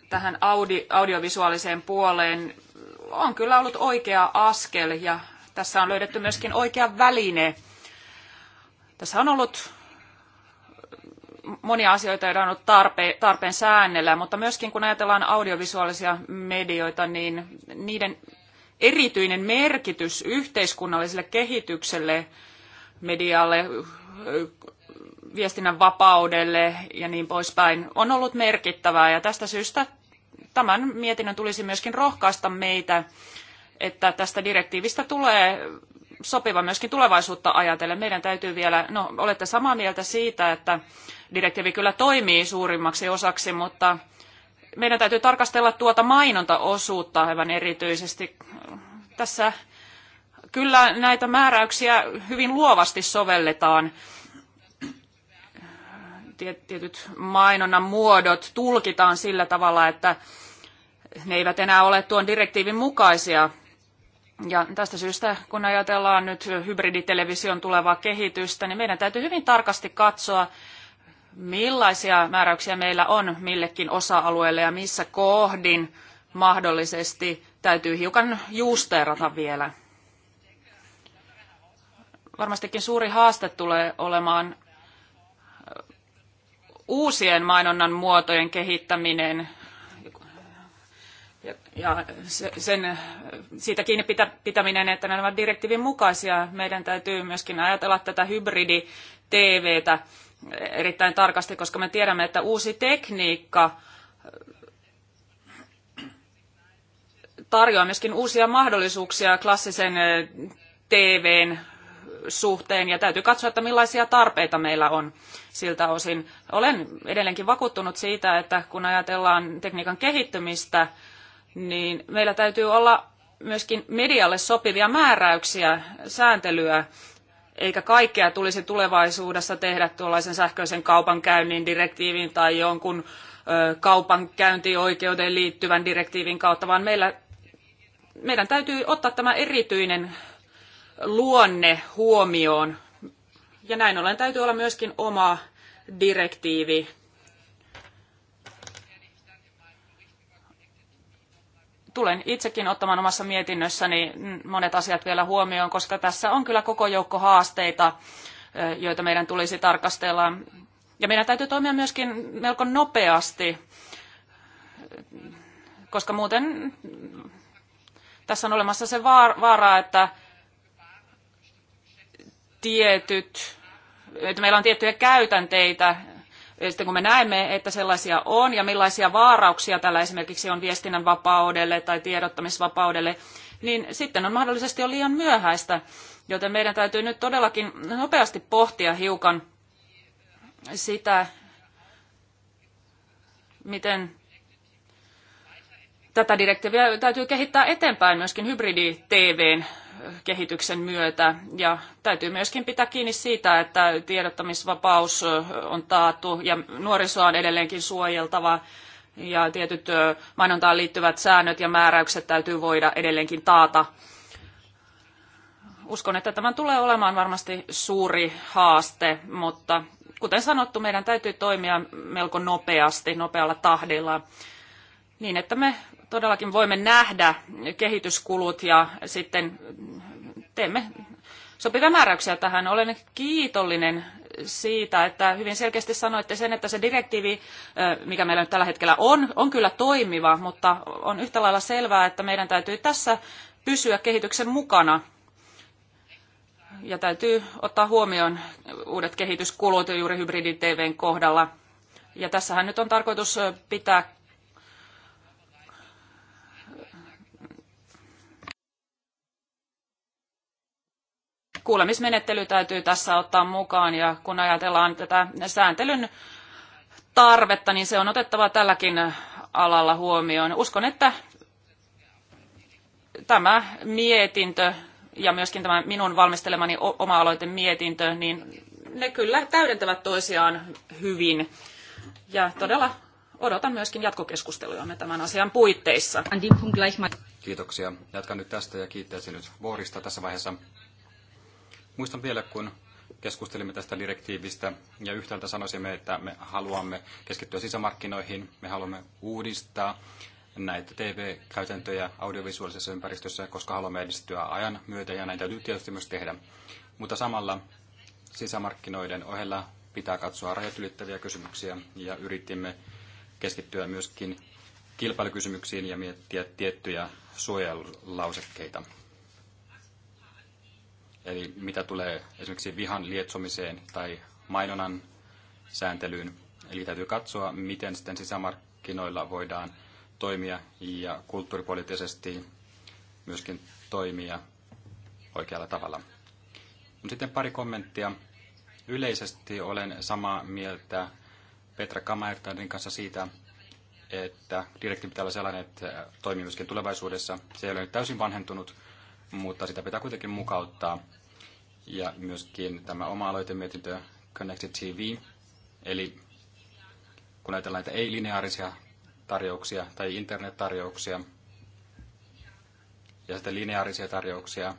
tähän audi, audiovisuaaliseen puoleen on kyllä ollut oikea askel ja tässä on löydetty myöskin oikea väline. Tässä on ollut monia asioita, joita on ollut tarpeen, tarpeen säännellä, mutta myöskin kun ajatellaan audiovisuaalisia medioita, niin niiden erityinen merkitys yhteiskunnalliselle kehitykselle, medialle, viestinnän vapaudelle ja niin poispäin on ollut merkittävää. Ja tästä syystä tämän mietinnön tulisi myöskin rohkaista meitä että tästä direktiivistä tulee sopiva myöskin tulevaisuutta ajatellen. Meidän täytyy vielä, no olette samaa mieltä siitä, että direktiivi kyllä toimii suurimmaksi osaksi, mutta meidän täytyy tarkastella tuota mainontaosuutta aivan erityisesti. Tässä kyllä näitä määräyksiä hyvin luovasti sovelletaan. Tietyt mainonnan muodot tulkitaan sillä tavalla, että ne eivät enää ole tuon direktiivin mukaisia. Ja tästä syystä, kun ajatellaan nyt hybriditelevision tulevaa kehitystä, niin meidän täytyy hyvin tarkasti katsoa, millaisia määräyksiä meillä on millekin osa-alueelle ja missä kohdin mahdollisesti täytyy hiukan juusteerata vielä. Varmastikin suuri haaste tulee olemaan uusien mainonnan muotojen kehittäminen, ja sen, siitä kiinni pitä, pitäminen, että nämä ovat direktiivin mukaisia. Meidän täytyy myöskin ajatella tätä hybridi-TVtä erittäin tarkasti, koska me tiedämme, että uusi tekniikka äh, tarjoaa myöskin uusia mahdollisuuksia klassisen äh, TVn suhteen ja täytyy katsoa, että millaisia tarpeita meillä on siltä osin. Olen edelleenkin vakuuttunut siitä, että kun ajatellaan tekniikan kehittymistä, niin meillä täytyy olla myöskin medialle sopivia määräyksiä, sääntelyä, eikä kaikkea tulisi tulevaisuudessa tehdä tuollaisen sähköisen kaupankäynnin direktiivin tai jonkun kaupankäyntioikeuteen liittyvän direktiivin kautta, vaan meillä, meidän täytyy ottaa tämä erityinen luonne huomioon. Ja näin ollen täytyy olla myöskin oma direktiivi tulen itsekin ottamaan omassa mietinnössäni monet asiat vielä huomioon, koska tässä on kyllä koko joukko haasteita, joita meidän tulisi tarkastella. Ja meidän täytyy toimia myöskin melko nopeasti, koska muuten tässä on olemassa se vaara, että tietyt, että meillä on tiettyjä käytänteitä, sitten kun me näemme, että sellaisia on ja millaisia vaarauksia tällä esimerkiksi on viestinnän vapaudelle tai tiedottamisvapaudelle, niin sitten on mahdollisesti jo liian myöhäistä. Joten meidän täytyy nyt todellakin nopeasti pohtia hiukan sitä, miten tätä direktiiviä täytyy kehittää eteenpäin myöskin hybridi-TVn kehityksen myötä. Ja täytyy myöskin pitää kiinni siitä, että tiedottamisvapaus on taattu ja nuorisoa on edelleenkin suojeltava ja tietyt mainontaan liittyvät säännöt ja määräykset täytyy voida edelleenkin taata. Uskon, että tämä tulee olemaan varmasti suuri haaste, mutta kuten sanottu, meidän täytyy toimia melko nopeasti, nopealla tahdilla, niin että me todellakin voimme nähdä kehityskulut ja sitten teemme sopivia määräyksiä tähän. Olen kiitollinen siitä, että hyvin selkeästi sanoitte sen, että se direktiivi, mikä meillä nyt tällä hetkellä on, on kyllä toimiva, mutta on yhtä lailla selvää, että meidän täytyy tässä pysyä kehityksen mukana ja täytyy ottaa huomioon uudet kehityskulut juuri hybridin TVn kohdalla. Ja tässähän nyt on tarkoitus pitää kuulemismenettely täytyy tässä ottaa mukaan ja kun ajatellaan tätä sääntelyn tarvetta, niin se on otettava tälläkin alalla huomioon. Uskon, että tämä mietintö ja myöskin tämä minun valmistelemani oma-aloite mietintö, niin ne kyllä täydentävät toisiaan hyvin. Ja todella odotan myöskin jatkokeskustelujamme tämän asian puitteissa. Kiitoksia. Jatkan nyt tästä ja kiittäisin nyt Vuorista tässä vaiheessa. Muistan vielä, kun keskustelimme tästä direktiivistä ja yhtäältä sanoisimme, että me haluamme keskittyä sisämarkkinoihin, me haluamme uudistaa näitä TV-käytäntöjä audiovisuaalisessa ympäristössä, koska haluamme edistyä ajan myötä ja näitä täytyy tietysti myös tehdä. Mutta samalla sisämarkkinoiden ohella pitää katsoa rajat ylittäviä kysymyksiä ja yritimme keskittyä myöskin kilpailukysymyksiin ja miettiä tiettyjä suojelulausekkeita. Eli mitä tulee esimerkiksi vihan lietsomiseen tai mainonnan sääntelyyn. Eli täytyy katsoa, miten sitten sisämarkkinoilla voidaan toimia ja kulttuuripoliittisesti myöskin toimia oikealla tavalla. sitten pari kommenttia. Yleisesti olen samaa mieltä Petra Kamaertanin kanssa siitä, että direktiivi pitää olla sellainen, että toimii myöskin tulevaisuudessa. Se ei ole nyt täysin vanhentunut, mutta sitä pitää kuitenkin mukauttaa. Ja myöskin tämä oma aloitemietintö Connected TV, eli kun ajatellaan näitä ei-lineaarisia tarjouksia tai internettarjouksia ja sitten lineaarisia tarjouksia,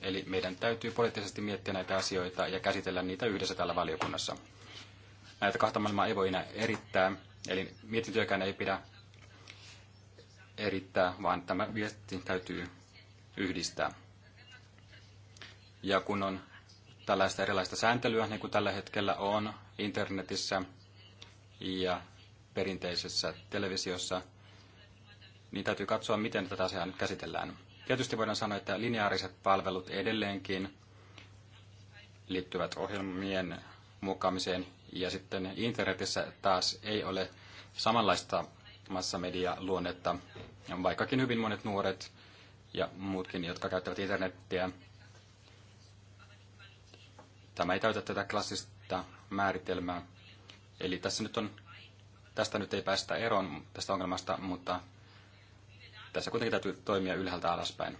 eli meidän täytyy poliittisesti miettiä näitä asioita ja käsitellä niitä yhdessä täällä valiokunnassa. Näitä kahta maailmaa ei voi enää erittää, eli mietintöäkään ei pidä erittää, vaan tämä viesti täytyy yhdistää. Ja kun on tällaista erilaista sääntelyä, niin kuin tällä hetkellä on internetissä ja perinteisessä televisiossa, niin täytyy katsoa, miten tätä asiaa nyt käsitellään. Tietysti voidaan sanoa, että lineaariset palvelut edelleenkin liittyvät ohjelmien muokkaamiseen, ja sitten internetissä taas ei ole samanlaista massamedialuonnetta, vaikkakin hyvin monet nuoret ja muutkin, jotka käyttävät internettiä. Tämä ei täytä tätä klassista määritelmää. Eli tässä nyt on, tästä nyt ei päästä eroon tästä ongelmasta, mutta tässä kuitenkin täytyy toimia ylhäältä alaspäin.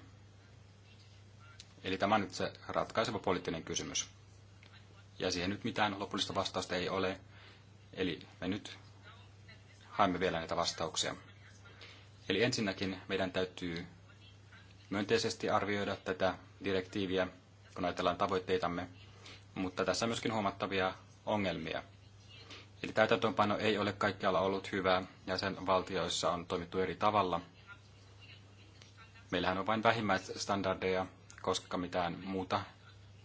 Eli tämä on nyt se ratkaiseva poliittinen kysymys. Ja siihen nyt mitään lopullista vastausta ei ole. Eli me nyt haemme vielä näitä vastauksia. Eli ensinnäkin meidän täytyy myönteisesti arvioida tätä direktiiviä, kun ajatellaan tavoitteitamme, mutta tässä on myöskin huomattavia ongelmia. Eli täytäntöönpano ei ole kaikkialla ollut hyvää, ja sen valtioissa on toimittu eri tavalla. Meillähän on vain vähimmäisstandardeja, koska mitään muuta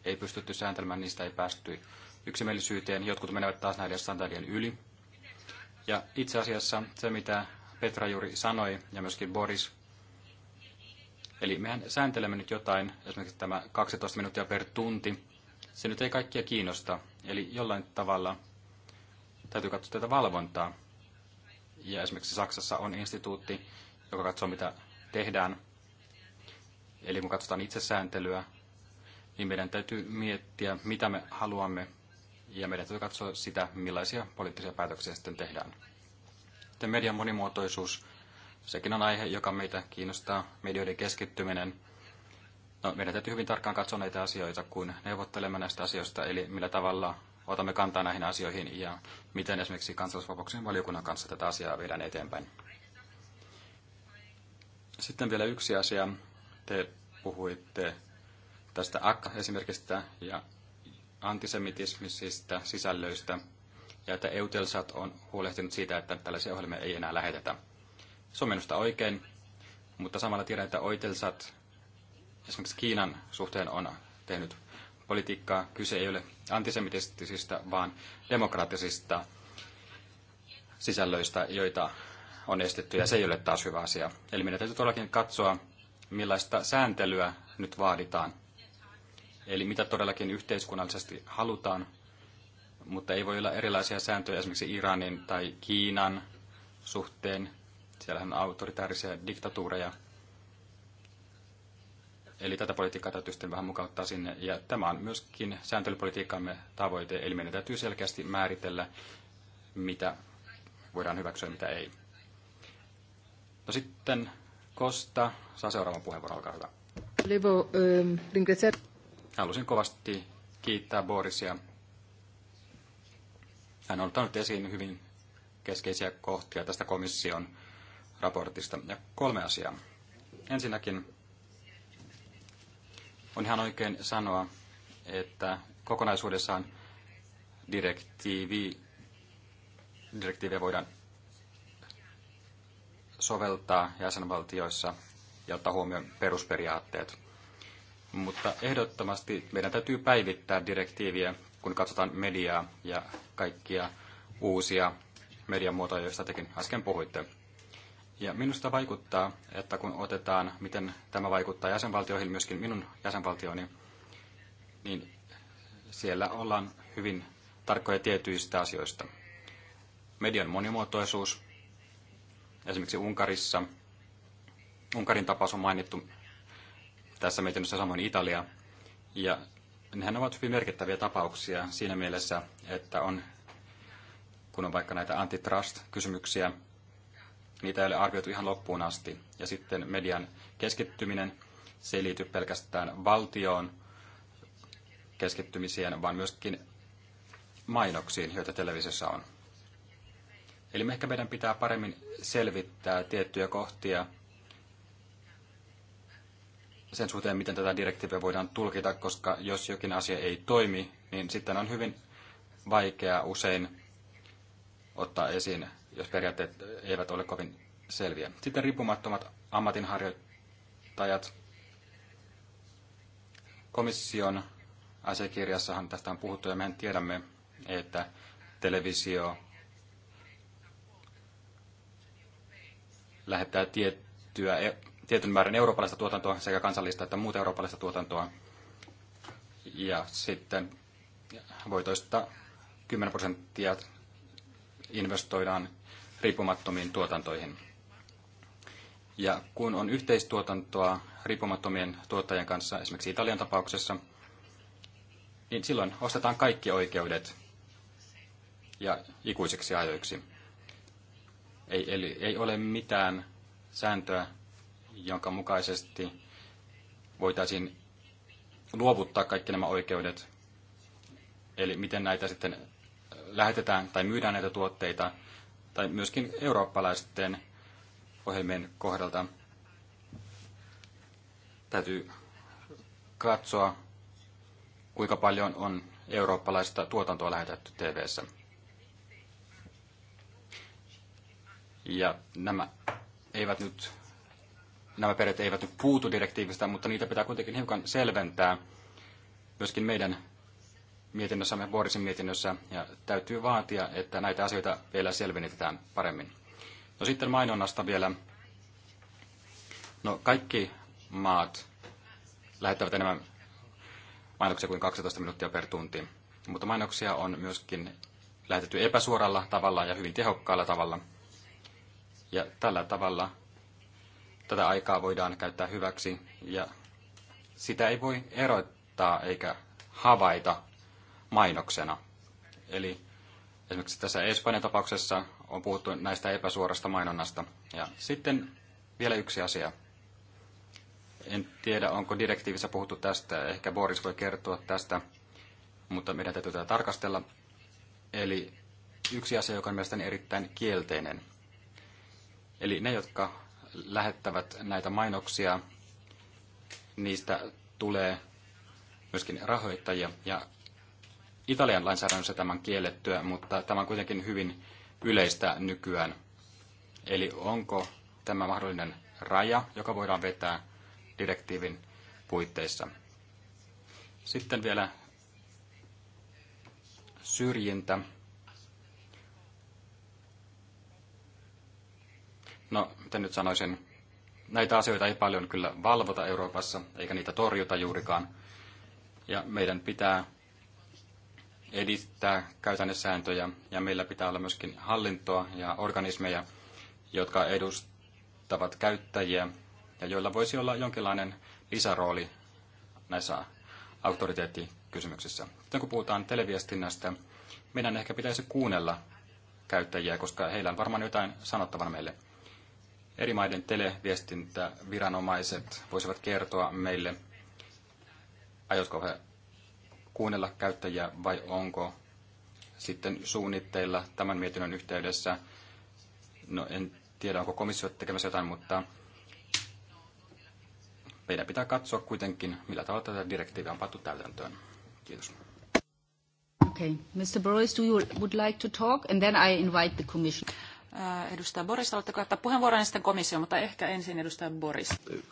ei pystytty sääntelemään, niistä ei päästy yksimielisyyteen. Jotkut menevät taas näiden standardien yli. Ja itse asiassa se, mitä Petra juuri sanoi ja myöskin Boris, Eli mehän sääntelemme nyt jotain, esimerkiksi tämä 12 minuuttia per tunti. Se nyt ei kaikkia kiinnosta, eli jollain tavalla täytyy katsoa tätä valvontaa. Ja esimerkiksi Saksassa on instituutti, joka katsoo, mitä tehdään. Eli kun katsotaan itsesääntelyä, niin meidän täytyy miettiä, mitä me haluamme, ja meidän täytyy katsoa sitä, millaisia poliittisia päätöksiä sitten tehdään. Sitten median monimuotoisuus sekin on aihe, joka meitä kiinnostaa, medioiden keskittyminen. No, meidän täytyy hyvin tarkkaan katsoa näitä asioita, kun neuvottelemme näistä asioista, eli millä tavalla otamme kantaa näihin asioihin ja miten esimerkiksi kansallisvapauksien valiokunnan kanssa tätä asiaa viedään eteenpäin. Sitten vielä yksi asia. Te puhuitte tästä akka-esimerkistä ja antisemitismisistä sisällöistä ja että Eutelsat on huolehtinut siitä, että tällaisia ohjelmia ei enää lähetetä. Se on minusta oikein, mutta samalla tiedän, että Oitelsat esimerkiksi Kiinan suhteen on tehnyt politiikkaa. Kyse ei ole antisemitistisistä, vaan demokraattisista sisällöistä, joita on estetty, ja se ei ole taas hyvä asia. Eli meidän täytyy todellakin katsoa, millaista sääntelyä nyt vaaditaan. Eli mitä todellakin yhteiskunnallisesti halutaan, mutta ei voi olla erilaisia sääntöjä esimerkiksi Iranin tai Kiinan suhteen, Siellähän on autoritäärisiä diktatuureja. Eli tätä politiikkaa täytyy sitten vähän mukauttaa sinne. Ja tämä on myöskin sääntelypolitiikkaamme tavoite, eli meidän täytyy selkeästi määritellä, mitä voidaan hyväksyä, mitä ei. No sitten Kosta saa seuraavan puheenvuoron, olkaa hyvä. Levo, ähm, Halusin kovasti kiittää Borisia. Hän on ottanut esiin hyvin keskeisiä kohtia tästä komission raportista ja kolme asiaa. Ensinnäkin on ihan oikein sanoa, että kokonaisuudessaan direktiivi, direktiiviä voidaan soveltaa jäsenvaltioissa ja ottaa huomioon perusperiaatteet. Mutta ehdottomasti meidän täytyy päivittää direktiiviä, kun katsotaan mediaa ja kaikkia uusia median muotoja, joista tekin äsken puhuitte. Ja minusta vaikuttaa, että kun otetaan, miten tämä vaikuttaa jäsenvaltioihin, myöskin minun jäsenvaltioni, niin siellä ollaan hyvin tarkkoja tietyistä asioista. Median monimuotoisuus, esimerkiksi Unkarissa, Unkarin tapaus on mainittu tässä mietinnössä samoin Italia, ja nehän ovat hyvin merkittäviä tapauksia siinä mielessä, että on, kun on vaikka näitä antitrust-kysymyksiä, niitä ei ole arvioitu ihan loppuun asti. Ja sitten median keskittyminen, se ei liity pelkästään valtioon keskittymiseen, vaan myöskin mainoksiin, joita televisiossa on. Eli ehkä meidän pitää paremmin selvittää tiettyjä kohtia sen suhteen, miten tätä direktiiviä voidaan tulkita, koska jos jokin asia ei toimi, niin sitten on hyvin vaikea usein ottaa esiin jos periaatteet eivät ole kovin selviä. Sitten riippumattomat ammatinharjoittajat. Komission asiakirjassahan tästä on puhuttu ja mehän tiedämme, että televisio lähettää tiettyä, e- tietyn määrän eurooppalaista tuotantoa sekä kansallista että muuta eurooppalaista tuotantoa. Ja sitten voitoista 10 prosenttia investoidaan riippumattomiin tuotantoihin. Ja kun on yhteistuotantoa riippumattomien tuottajien kanssa, esimerkiksi Italian tapauksessa, niin silloin ostetaan kaikki oikeudet ja ikuisiksi ajoiksi. Ei, eli ei ole mitään sääntöä, jonka mukaisesti voitaisiin luovuttaa kaikki nämä oikeudet. Eli miten näitä sitten lähetetään tai myydään näitä tuotteita, tai myöskin eurooppalaisten ohjelmien kohdalta täytyy katsoa, kuinka paljon on eurooppalaista tuotantoa lähetetty tv Ja nämä eivät nyt nämä perheet eivät nyt puutu direktiivistä, mutta niitä pitää kuitenkin hiukan selventää myöskin meidän mietinnössämme, Borisin mietinnössä, ja täytyy vaatia, että näitä asioita vielä selvennetään paremmin. No sitten mainonnasta vielä. No kaikki maat lähettävät enemmän mainoksia kuin 12 minuuttia per tunti, mutta mainoksia on myöskin lähetetty epäsuoralla tavalla ja hyvin tehokkaalla tavalla. Ja tällä tavalla tätä aikaa voidaan käyttää hyväksi ja sitä ei voi erottaa eikä havaita mainoksena. Eli esimerkiksi tässä Espanjan tapauksessa on puhuttu näistä epäsuorasta mainonnasta. Ja sitten vielä yksi asia. En tiedä, onko direktiivissä puhuttu tästä, ehkä Boris voi kertoa tästä, mutta meidän täytyy tätä tarkastella. Eli yksi asia, joka on mielestäni erittäin kielteinen. Eli ne, jotka lähettävät näitä mainoksia, niistä tulee myöskin rahoittajia. Ja Italian lainsäädännössä tämän kiellettyä, mutta tämä on kuitenkin hyvin yleistä nykyään. Eli onko tämä mahdollinen raja, joka voidaan vetää direktiivin puitteissa. Sitten vielä syrjintä. No, miten nyt sanoisin, näitä asioita ei paljon kyllä valvota Euroopassa, eikä niitä torjuta juurikaan. Ja meidän pitää edistää sääntöjä ja meillä pitää olla myöskin hallintoa ja organismeja, jotka edustavat käyttäjiä ja joilla voisi olla jonkinlainen lisärooli näissä auktoriteettikysymyksissä. Sitten kun puhutaan televiestinnästä, meidän ehkä pitäisi kuunnella käyttäjiä, koska heillä on varmaan jotain sanottavana meille. Eri maiden televiestintäviranomaiset voisivat kertoa meille, aiotko he kuunnella käyttäjiä vai onko sitten suunnitteilla tämän mietinnön yhteydessä, no en tiedä onko komissio tekemässä jotain, mutta meidän pitää katsoa kuitenkin, millä tavalla tätä direktiiviä on pantu täytäntöön. Kiitos. Okay. Mr. Boris, do you would like to talk? And then I invite the commission. Äh, edustaja Boris, haluatteko ottaa puheenvuoron sitten komissio, mutta ehkä ensin edustaja Boris.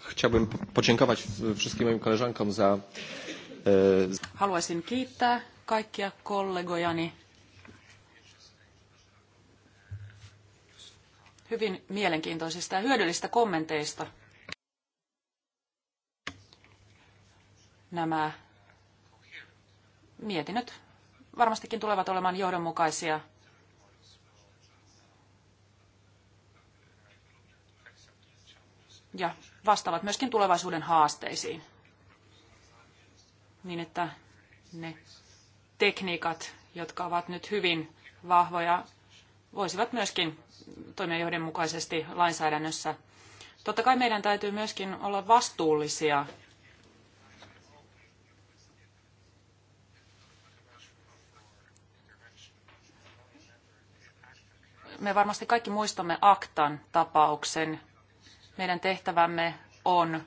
Chciałbym podziękować wszystkim moim koleżankom za Haluaisin kiittää kaikkia kollegojani hyvin mielenkiintoisista ja hyödyllistä kommenteista. Nämä mietinnöt varmastikin tulevat olemaan johdonmukaisia ja vastaavat myöskin tulevaisuuden haasteisiin niin että ne tekniikat, jotka ovat nyt hyvin vahvoja, voisivat myöskin toimia johdonmukaisesti lainsäädännössä. Totta kai meidän täytyy myöskin olla vastuullisia me varmasti kaikki muistamme Aktan tapauksen. Meidän tehtävämme on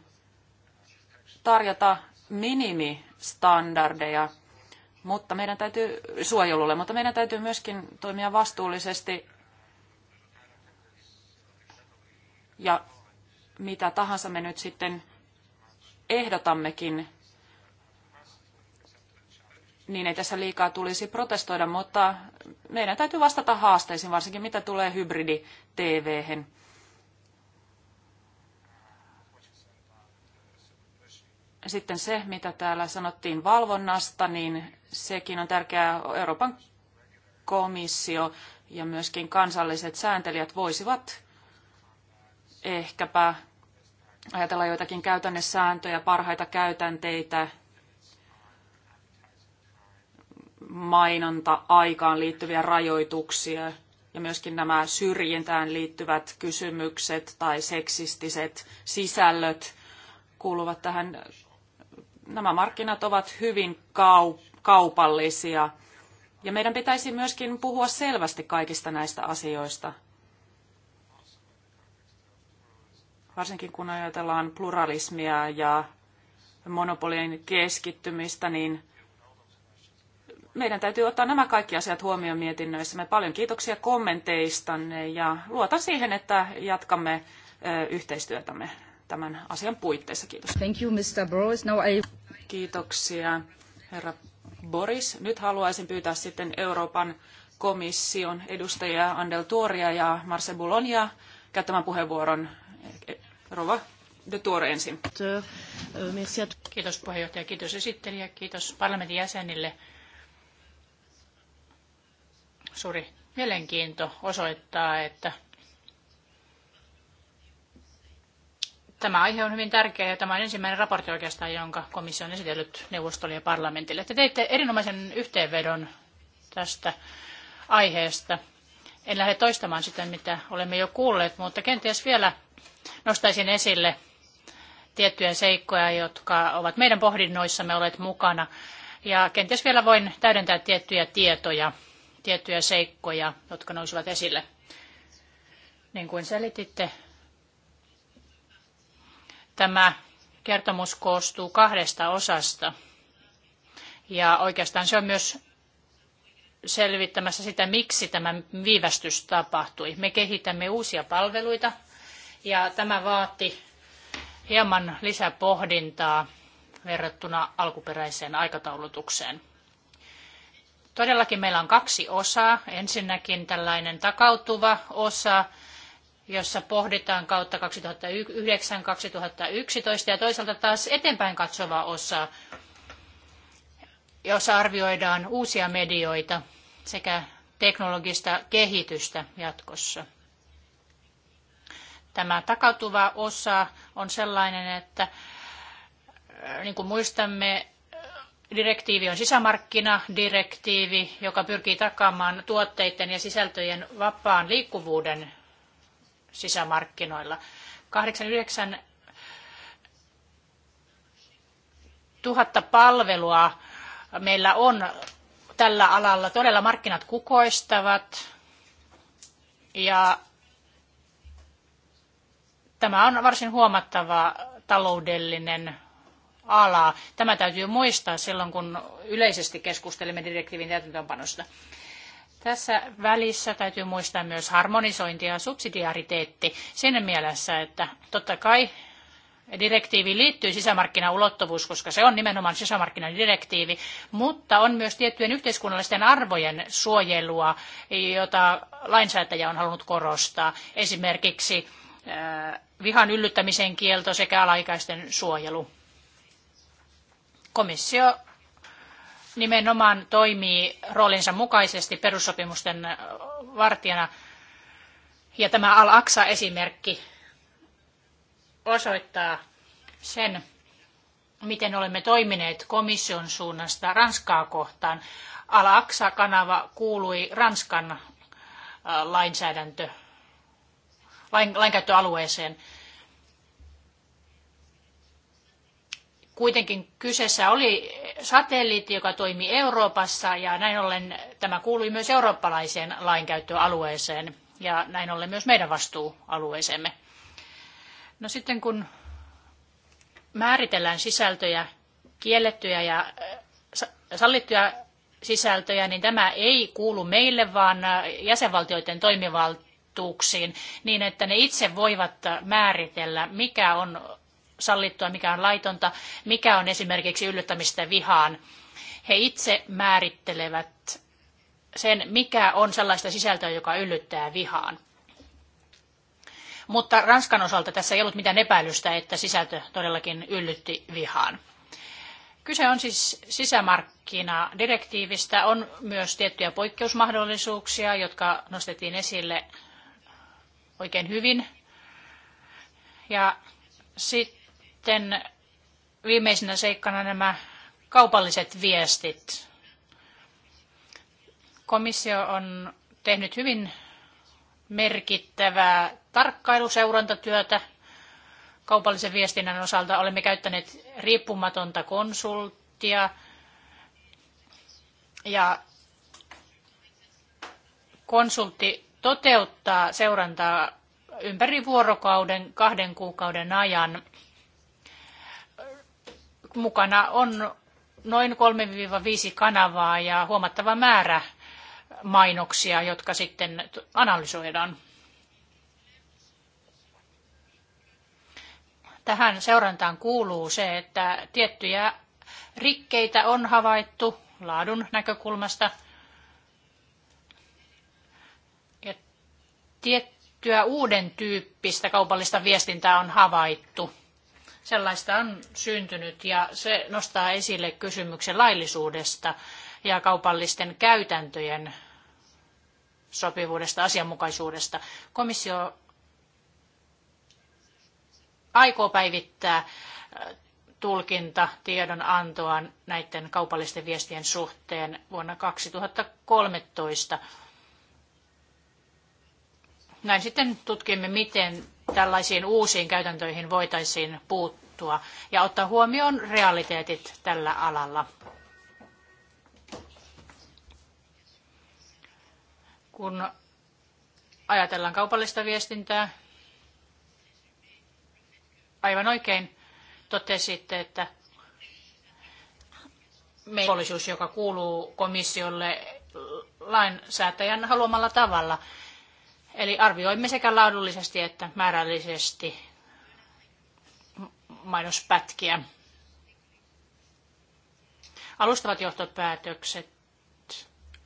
tarjota minimistandardeja mutta meidän täytyy suojelulle, mutta meidän täytyy myöskin toimia vastuullisesti ja mitä tahansa me nyt sitten ehdotammekin, niin ei tässä liikaa tulisi protestoida, mutta meidän täytyy vastata haasteisiin, varsinkin mitä tulee hybridi-TVhen. Sitten se, mitä täällä sanottiin valvonnasta, niin sekin on tärkeää. Euroopan komissio ja myöskin kansalliset sääntelijät voisivat ehkäpä ajatella joitakin käytännesääntöjä, parhaita käytänteitä, mainonta-aikaan liittyviä rajoituksia ja myöskin nämä syrjintään liittyvät kysymykset tai seksistiset sisällöt kuuluvat tähän nämä markkinat ovat hyvin kaupallisia. Ja meidän pitäisi myöskin puhua selvästi kaikista näistä asioista. Varsinkin kun ajatellaan pluralismia ja monopolien keskittymistä, niin meidän täytyy ottaa nämä kaikki asiat huomioon mietinnöissämme. Paljon kiitoksia kommenteistanne ja luotan siihen, että jatkamme yhteistyötämme tämän asian puitteissa. Kiitos. Thank you, Mr. Now I... Kiitoksia, herra Boris. Nyt haluaisin pyytää sitten Euroopan komission edustajia Andel Tuoria ja Marse Bulonia käyttämään puheenvuoron. Rova de Tuore ensin. Kiitos puheenjohtaja, kiitos esittelijä, kiitos parlamentin jäsenille. Suuri mielenkiinto osoittaa, että Tämä aihe on hyvin tärkeä ja tämä on ensimmäinen raportti oikeastaan, jonka komissio on esitellyt neuvostolle ja parlamentille. Te teitte erinomaisen yhteenvedon tästä aiheesta. En lähde toistamaan sitä, mitä olemme jo kuulleet, mutta kenties vielä nostaisin esille tiettyjä seikkoja, jotka ovat meidän pohdinnoissamme olleet mukana. Ja kenties vielä voin täydentää tiettyjä tietoja, tiettyjä seikkoja, jotka nousivat esille. Niin kuin selititte, Tämä kertomus koostuu kahdesta osasta. Ja oikeastaan se on myös selvittämässä sitä, miksi tämä viivästys tapahtui. Me kehitämme uusia palveluita ja tämä vaati hieman lisäpohdintaa verrattuna alkuperäiseen aikataulutukseen. Todellakin meillä on kaksi osaa. Ensinnäkin tällainen takautuva osa, jossa pohditaan kautta 2009-2011 ja toisaalta taas eteenpäin katsova osa, jossa arvioidaan uusia medioita sekä teknologista kehitystä jatkossa. Tämä takautuva osa on sellainen, että äh, niin kuin muistamme, direktiivi on sisämarkkinadirektiivi, joka pyrkii takaamaan tuotteiden ja sisältöjen vapaan liikkuvuuden sisämarkkinoilla. 89 tuhatta palvelua meillä on tällä alalla. Todella markkinat kukoistavat ja tämä on varsin huomattava taloudellinen ala. Tämä täytyy muistaa silloin, kun yleisesti keskustelemme direktiivin täytäntöönpanosta. Tässä välissä täytyy muistaa myös harmonisointi ja subsidiariteetti siinä mielessä, että totta kai direktiiviin liittyy sisämarkkinaulottuvuus, koska se on nimenomaan sisämarkkinadirektiivi, mutta on myös tiettyjen yhteiskunnallisten arvojen suojelua, jota lainsäätäjä on halunnut korostaa. Esimerkiksi äh, vihan yllyttämisen kielto sekä alaikäisten suojelu. Komissio nimenomaan toimii roolinsa mukaisesti perussopimusten vartijana. Ja tämä Al-Aqsa-esimerkki osoittaa sen, miten olemme toimineet komission suunnasta Ranskaa kohtaan. Al-Aqsa-kanava kuului Ranskan lainsäädäntö, lain, lainkäyttöalueeseen. Kuitenkin kyseessä oli satelliitti, joka toimi Euroopassa ja näin ollen tämä kuului myös eurooppalaiseen lainkäyttöalueeseen ja näin ollen myös meidän vastuualueeseemme. No sitten kun määritellään sisältöjä, kiellettyjä ja äh, sallittuja sisältöjä, niin tämä ei kuulu meille, vaan äh, jäsenvaltioiden toimivaltuuksiin niin, että ne itse voivat määritellä, mikä on sallittua, mikä on laitonta, mikä on esimerkiksi yllyttämistä vihaan. He itse määrittelevät sen, mikä on sellaista sisältöä, joka yllyttää vihaan. Mutta Ranskan osalta tässä ei ollut mitään epäilystä, että sisältö todellakin yllytti vihaan. Kyse on siis sisämarkkinadirektiivistä. On myös tiettyjä poikkeusmahdollisuuksia, jotka nostettiin esille oikein hyvin. Ja sit sitten viimeisenä seikkana nämä kaupalliset viestit. Komissio on tehnyt hyvin merkittävää tarkkailuseurantatyötä kaupallisen viestinnän osalta. Olemme käyttäneet riippumatonta konsulttia ja konsultti toteuttaa seurantaa ympäri vuorokauden kahden kuukauden ajan mukana on noin 3-5 kanavaa ja huomattava määrä mainoksia, jotka sitten analysoidaan. Tähän seurantaan kuuluu se, että tiettyjä rikkeitä on havaittu laadun näkökulmasta ja tiettyä uuden tyyppistä kaupallista viestintää on havaittu. Sellaista on syntynyt ja se nostaa esille kysymyksen laillisuudesta ja kaupallisten käytäntöjen sopivuudesta, asianmukaisuudesta. Komissio aikoo päivittää äh, tulkinta tiedonantoa näiden kaupallisten viestien suhteen vuonna 2013. Näin sitten tutkimme, miten tällaisiin uusiin käytäntöihin voitaisiin puuttua ja ottaa huomioon realiteetit tällä alalla. Kun ajatellaan kaupallista viestintää, aivan oikein totesitte, että velvollisuus, joka kuuluu komissiolle lainsäätäjän haluamalla tavalla. Eli arvioimme sekä laadullisesti että määrällisesti mainospätkiä. Alustavat johtopäätökset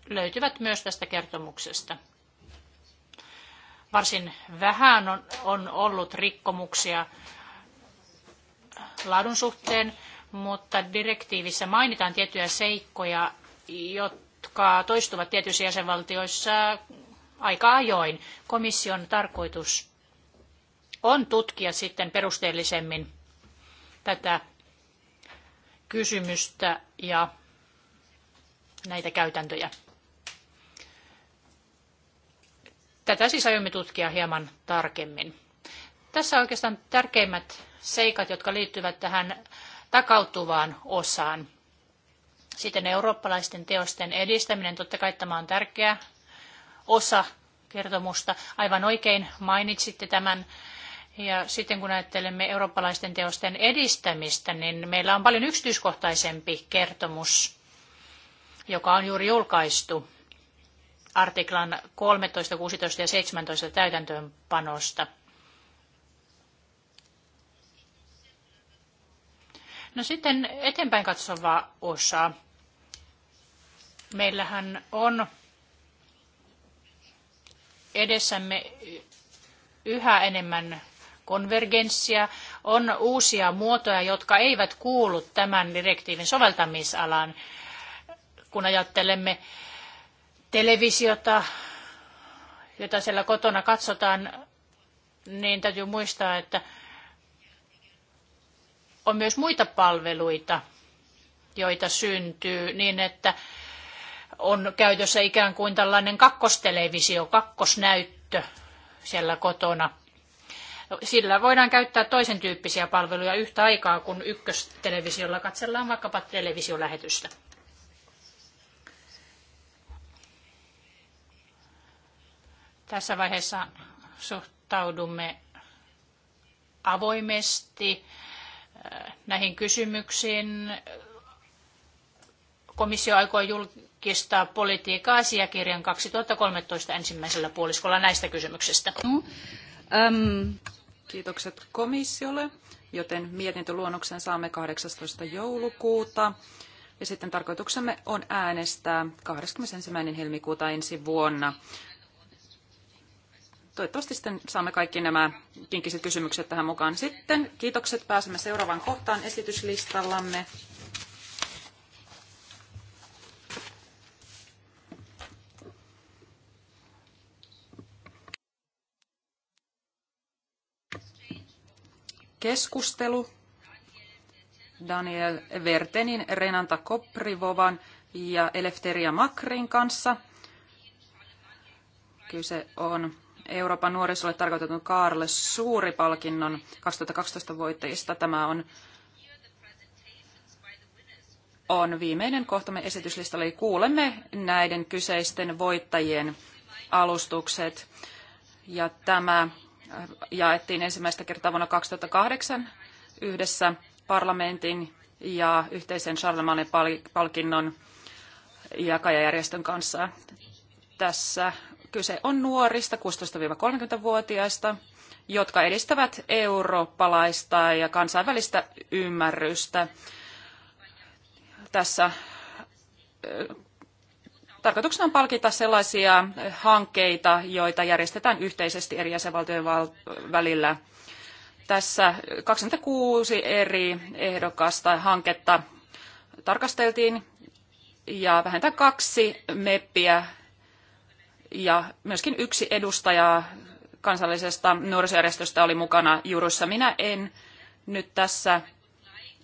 löytyvät myös tästä kertomuksesta. Varsin vähän on, on ollut rikkomuksia laadun suhteen, mutta direktiivissä mainitaan tiettyjä seikkoja, jotka toistuvat tietyissä jäsenvaltioissa aika ajoin. Komission tarkoitus on tutkia sitten perusteellisemmin tätä kysymystä ja näitä käytäntöjä. Tätä siis aiomme tutkia hieman tarkemmin. Tässä oikeastaan tärkeimmät seikat, jotka liittyvät tähän takautuvaan osaan. Sitten eurooppalaisten teosten edistäminen, totta kai tämä on tärkeä osa kertomusta. Aivan oikein mainitsitte tämän. Ja sitten kun ajattelemme eurooppalaisten teosten edistämistä, niin meillä on paljon yksityiskohtaisempi kertomus, joka on juuri julkaistu artiklan 13, 16 ja 17 täytäntöönpanosta. No sitten eteenpäin katsova osa. Meillähän on edessämme yhä enemmän konvergenssia, on uusia muotoja, jotka eivät kuulu tämän direktiivin soveltamisalaan. Kun ajattelemme televisiota, jota siellä kotona katsotaan, niin täytyy muistaa, että on myös muita palveluita, joita syntyy niin, että on käytössä ikään kuin tällainen kakkostelevisio, kakkosnäyttö siellä kotona. Sillä voidaan käyttää toisen tyyppisiä palveluja yhtä aikaa, kun ykköstelevisiolla katsellaan vaikkapa televisiolähetystä. Tässä vaiheessa suhtaudumme avoimesti äh, näihin kysymyksiin. Komissio aikoo Kestää politiikan asiakirjan 2013 ensimmäisellä puoliskolla näistä kysymyksistä. Mm. Kiitokset komissiolle, joten mietintöluonnoksen saamme 18. joulukuuta. Ja sitten tarkoituksemme on äänestää 21. helmikuuta ensi vuonna. Toivottavasti sitten saamme kaikki nämä kinkiset kysymykset tähän mukaan sitten. Kiitokset, pääsemme seuraavaan kohtaan esityslistallamme. keskustelu Daniel Vertenin, Renanta Koprivovan ja Elefteria Makrin kanssa. Kyse on Euroopan nuorisolle tarkoitetun Kaarle Suuripalkinnon 2012 voittajista. Tämä on, on viimeinen kohtamme esityslistalla. Eli kuulemme näiden kyseisten voittajien alustukset. Ja tämä jaettiin ensimmäistä kertaa vuonna 2008 yhdessä parlamentin ja yhteisen Charlemagne palkinnon jakajajärjestön kanssa. Tässä kyse on nuorista 16-30-vuotiaista, jotka edistävät eurooppalaista ja kansainvälistä ymmärrystä. Tässä Tarkoituksena on palkita sellaisia hankkeita, joita järjestetään yhteisesti eri jäsenvaltioiden välillä. Tässä 26 eri ehdokasta hanketta tarkasteltiin ja vähintään kaksi meppiä ja myöskin yksi edustaja kansallisesta nuorisojärjestöstä oli mukana jurussa. Minä en nyt tässä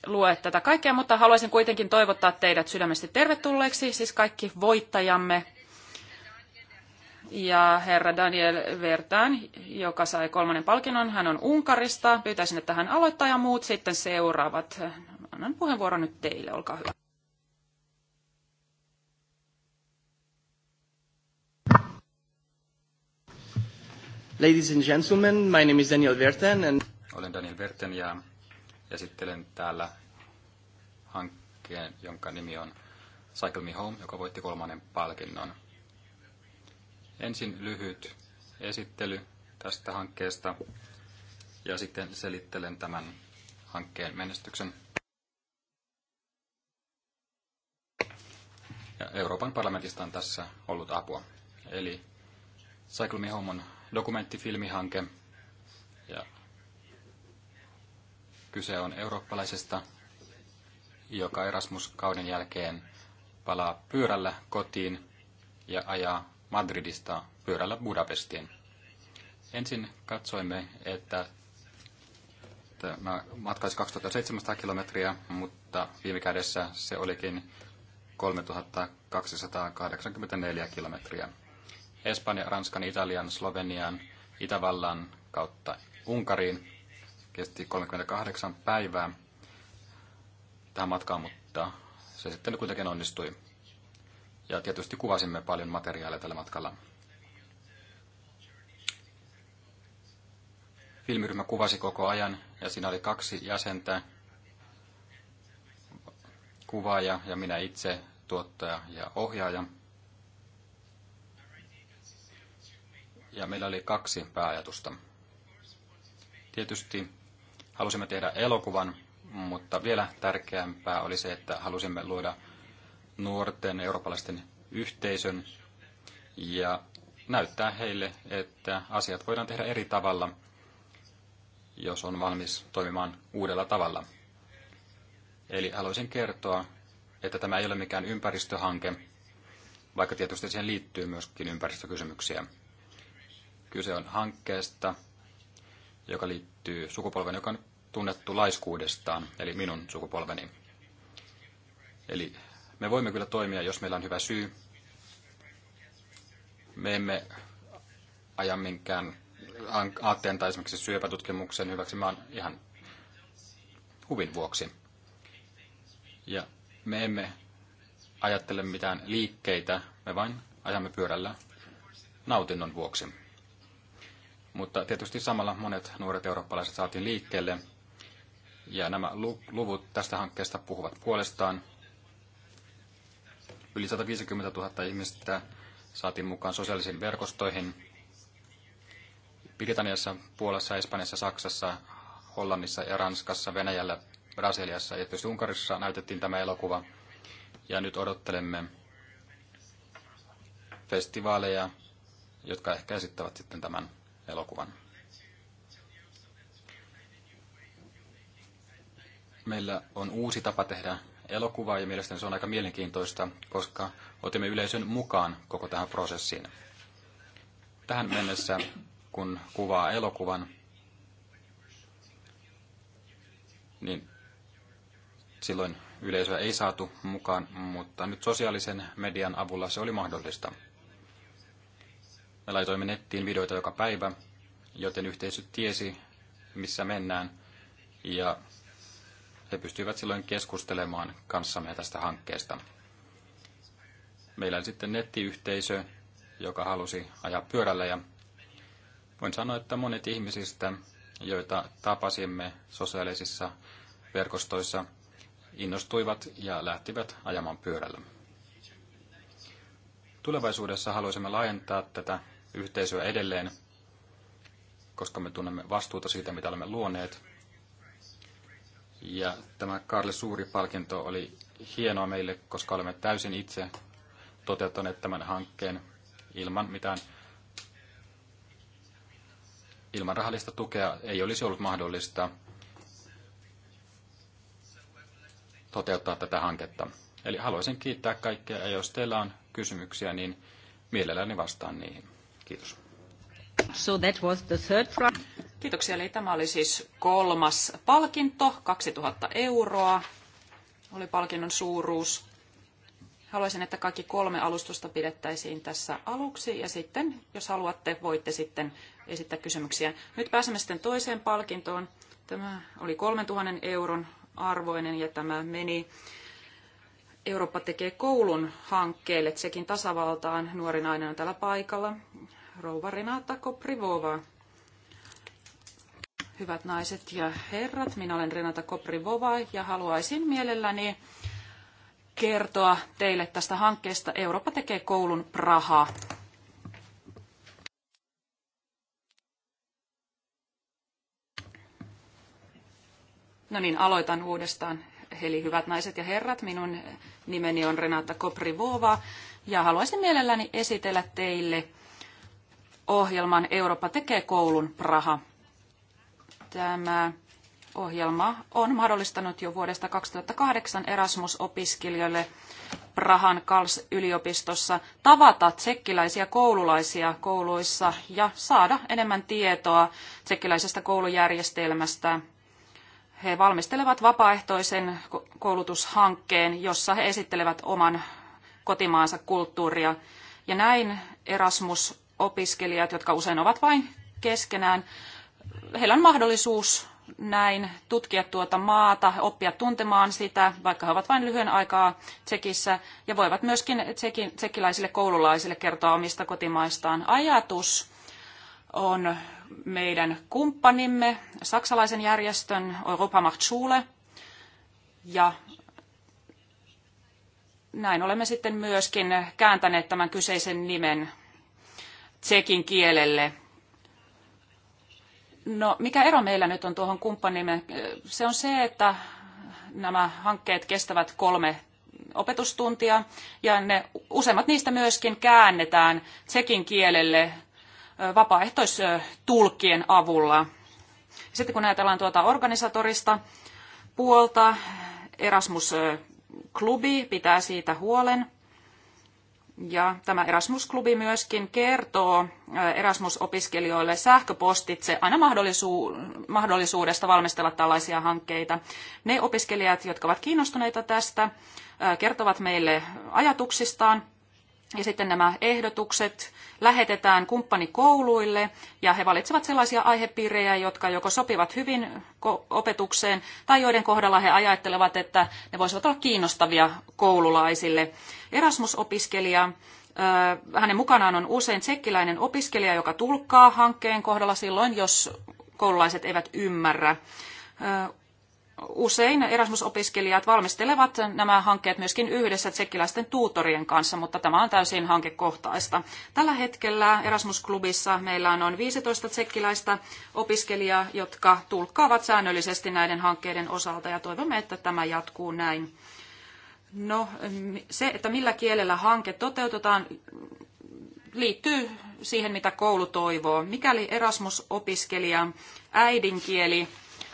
lue tätä kaikkea, mutta haluaisin kuitenkin toivottaa teidät sydämesti tervetulleeksi, siis kaikki voittajamme. Ja herra Daniel Vertan, joka sai kolmannen palkinnon, hän on Unkarista. Pyytäisin, että hän aloittaa ja muut sitten seuraavat. Annan puheenvuoron nyt teille, olkaa hyvä. Ladies and gentlemen, my name is Daniel Vertan and... Olen Daniel Verten ja esittelen täällä hankkeen, jonka nimi on Cycle Me Home, joka voitti kolmannen palkinnon. Ensin lyhyt esittely tästä hankkeesta ja sitten selittelen tämän hankkeen menestyksen. Ja Euroopan parlamentista on tässä ollut apua. Eli Cycle Me Home on dokumenttifilmihanke ja Kyse on eurooppalaisesta, joka Erasmus-kauden jälkeen palaa pyörällä kotiin ja ajaa Madridista pyörällä Budapestiin. Ensin katsoimme, että tämä matkaisi 2700 kilometriä, mutta viime kädessä se olikin 3284 kilometriä. Espanjan, Ranskan, Italian, Slovenian, Itävallan kautta Unkariin kesti 38 päivää tähän matkaan, mutta se sitten kuitenkin onnistui. Ja tietysti kuvasimme paljon materiaalia tällä matkalla. Filmiryhmä kuvasi koko ajan ja siinä oli kaksi jäsentä, kuvaaja ja minä itse, tuottaja ja ohjaaja. Ja meillä oli kaksi pääajatusta. Tietysti Halusimme tehdä elokuvan, mutta vielä tärkeämpää oli se, että halusimme luoda nuorten eurooppalaisten yhteisön ja näyttää heille, että asiat voidaan tehdä eri tavalla, jos on valmis toimimaan uudella tavalla. Eli haluaisin kertoa, että tämä ei ole mikään ympäristöhanke, vaikka tietysti siihen liittyy myöskin ympäristökysymyksiä. Kyse on hankkeesta, joka liittyy sukupolven, joka on tunnettu laiskuudestaan, eli minun sukupolveni. Eli me voimme kyllä toimia, jos meillä on hyvä syy. Me emme aja minkään aatteen tai esimerkiksi syöpätutkimuksen hyväksi, vaan ihan huvin vuoksi. Ja me emme ajattele mitään liikkeitä, me vain ajamme pyörällä nautinnon vuoksi. Mutta tietysti samalla monet nuoret eurooppalaiset saatiin liikkeelle. Ja nämä luvut tästä hankkeesta puhuvat puolestaan. Yli 150 000 ihmistä saatiin mukaan sosiaalisiin verkostoihin. Britanniassa, Puolassa, Espanjassa, Saksassa, Hollannissa ja Ranskassa, Venäjällä, Brasiliassa ja tietysti Unkarissa näytettiin tämä elokuva. Ja nyt odottelemme festivaaleja, jotka ehkä esittävät sitten tämän elokuvan. Meillä on uusi tapa tehdä elokuvaa ja mielestäni se on aika mielenkiintoista, koska otimme yleisön mukaan koko tähän prosessiin. Tähän mennessä, kun kuvaa elokuvan, niin silloin yleisöä ei saatu mukaan, mutta nyt sosiaalisen median avulla se oli mahdollista. Me laitoimme nettiin videoita joka päivä, joten yhteisö tiesi, missä mennään, ja he pystyivät silloin keskustelemaan kanssamme tästä hankkeesta. Meillä oli sitten nettiyhteisö, joka halusi ajaa pyörällä, ja voin sanoa, että monet ihmisistä, joita tapasimme sosiaalisissa verkostoissa, innostuivat ja lähtivät ajamaan pyörällä. Tulevaisuudessa haluaisimme laajentaa tätä yhteisöä edelleen, koska me tunnemme vastuuta siitä, mitä olemme luoneet. Ja tämä Karle Suuri palkinto oli hienoa meille, koska olemme täysin itse toteuttaneet tämän hankkeen ilman mitään ilman rahallista tukea ei olisi ollut mahdollista toteuttaa tätä hanketta. Eli haluaisin kiittää kaikkia ja jos teillä on kysymyksiä, niin mielelläni vastaan niihin. Kiitos. So that was the third Kiitoksia. Eli tämä oli siis kolmas palkinto, 2000 euroa oli palkinnon suuruus. Haluaisin, että kaikki kolme alustusta pidettäisiin tässä aluksi ja sitten, jos haluatte, voitte sitten esittää kysymyksiä. Nyt pääsemme sitten toiseen palkintoon. Tämä oli 3000 euron arvoinen ja tämä meni Eurooppa tekee koulun hankkeelle Tsekin tasavaltaan. Nuori nainen on tällä paikalla rouva Renata Koprivova. Hyvät naiset ja herrat, minä olen Renata Koprivova ja haluaisin mielelläni kertoa teille tästä hankkeesta Eurooppa tekee koulun Praha. No niin, aloitan uudestaan. Eli hyvät naiset ja herrat, minun nimeni on Renata Koprivova ja haluaisin mielelläni esitellä teille ohjelman Eurooppa tekee koulun Praha. Tämä ohjelma on mahdollistanut jo vuodesta 2008 Erasmus-opiskelijoille Prahan Kals-yliopistossa tavata tsekkiläisiä koululaisia kouluissa ja saada enemmän tietoa tsekkiläisestä koulujärjestelmästä. He valmistelevat vapaaehtoisen koulutushankkeen, jossa he esittelevät oman kotimaansa kulttuuria. Ja näin Erasmus opiskelijat, jotka usein ovat vain keskenään, heillä on mahdollisuus näin tutkia tuota maata, oppia tuntemaan sitä, vaikka he ovat vain lyhyen aikaa Tsekissä, ja voivat myöskin tseki, tsekiläisille koululaisille kertoa omista kotimaistaan. Ajatus on meidän kumppanimme, saksalaisen järjestön Europa Macht Schule, ja näin olemme sitten myöskin kääntäneet tämän kyseisen nimen tsekin kielelle. No, mikä ero meillä nyt on tuohon kumppanimme? Se on se, että nämä hankkeet kestävät kolme opetustuntia ja ne, useimmat niistä myöskin käännetään tsekin kielelle vapaaehtoistulkien avulla. Sitten kun ajatellaan tuota organisatorista puolta, Erasmus-klubi pitää siitä huolen – ja tämä Erasmus-klubi myöskin kertoo Erasmus-opiskelijoille sähköpostitse aina mahdollisuudesta valmistella tällaisia hankkeita. Ne opiskelijat, jotka ovat kiinnostuneita tästä, kertovat meille ajatuksistaan ja sitten nämä ehdotukset lähetetään kumppanikouluille ja he valitsevat sellaisia aihepiirejä, jotka joko sopivat hyvin opetukseen tai joiden kohdalla he ajattelevat, että ne voisivat olla kiinnostavia koululaisille. Erasmus-opiskelija, hänen mukanaan on usein tsekkiläinen opiskelija, joka tulkkaa hankkeen kohdalla silloin, jos koululaiset eivät ymmärrä usein Erasmus-opiskelijat valmistelevat nämä hankkeet myöskin yhdessä tsekkiläisten tuutorien kanssa, mutta tämä on täysin hankekohtaista. Tällä hetkellä Erasmus-klubissa meillä on noin 15 tsekkiläistä opiskelijaa, jotka tulkkaavat säännöllisesti näiden hankkeiden osalta ja toivomme, että tämä jatkuu näin. No se, että millä kielellä hanke toteutetaan, liittyy siihen, mitä koulu toivoo. Mikäli Erasmus-opiskelija äidinkieli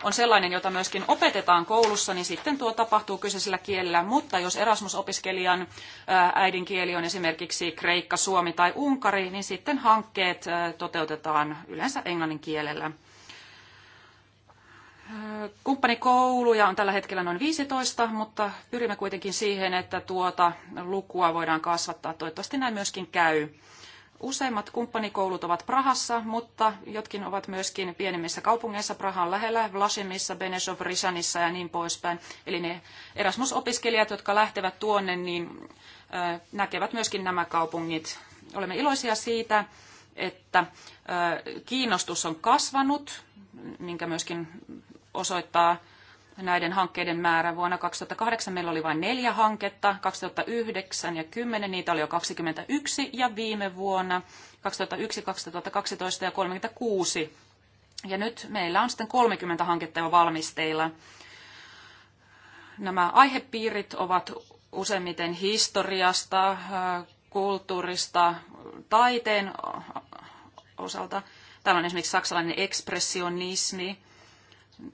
on sellainen, jota myöskin opetetaan koulussa, niin sitten tuo tapahtuu kyseisellä kielellä. Mutta jos Erasmus-opiskelijan äidinkieli on esimerkiksi kreikka, suomi tai unkari, niin sitten hankkeet toteutetaan yleensä englannin kielellä. Kumppanikouluja on tällä hetkellä noin 15, mutta pyrimme kuitenkin siihen, että tuota lukua voidaan kasvattaa. Toivottavasti näin myöskin käy. Useimmat kumppanikoulut ovat Prahassa, mutta jotkin ovat myöskin pienemmissä kaupungeissa Prahan lähellä, Vlasimissa, Benešov, Risanissa ja niin poispäin. Eli ne Erasmus-opiskelijat, jotka lähtevät tuonne, niin näkevät myöskin nämä kaupungit. Olemme iloisia siitä, että kiinnostus on kasvanut, minkä myöskin osoittaa näiden hankkeiden määrä. Vuonna 2008 meillä oli vain neljä hanketta, 2009 ja 10 niitä oli jo 21 ja viime vuonna 2001, 2012 ja 36. Ja nyt meillä on sitten 30 hanketta jo valmisteilla. Nämä aihepiirit ovat useimmiten historiasta, kulttuurista, taiteen osalta. Täällä on esimerkiksi saksalainen ekspressionismi,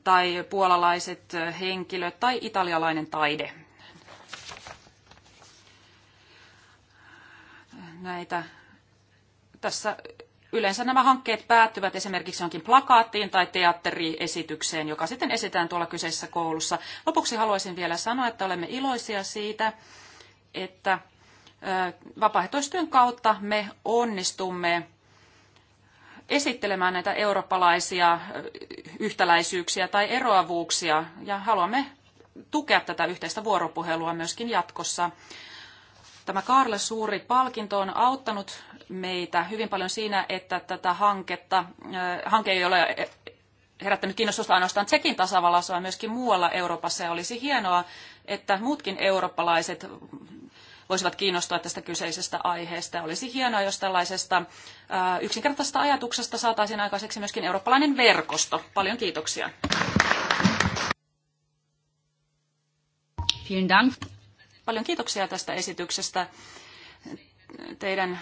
tai puolalaiset henkilöt tai italialainen taide. Näitä tässä yleensä nämä hankkeet päättyvät esimerkiksi jonkin plakaattiin tai teatteriesitykseen, joka sitten esitään tuolla kyseisessä koulussa. Lopuksi haluaisin vielä sanoa, että olemme iloisia siitä, että vapaaehtoistyön kautta me onnistumme esittelemään näitä eurooppalaisia yhtäläisyyksiä tai eroavuuksia ja haluamme tukea tätä yhteistä vuoropuhelua myöskin jatkossa. Tämä Karle Suuri palkinto on auttanut meitä hyvin paljon siinä, että tätä hanketta, hanke ei ole herättänyt kiinnostusta ainoastaan Tsekin tasavallassa, vaan myöskin muualla Euroopassa. Ja olisi hienoa, että muutkin eurooppalaiset voisivat kiinnostua tästä kyseisestä aiheesta. Olisi hienoa, jos tällaisesta yksinkertaisesta ajatuksesta saataisiin aikaiseksi myöskin eurooppalainen verkosto. Paljon kiitoksia. Vielen Dank. Paljon kiitoksia tästä esityksestä. Teidän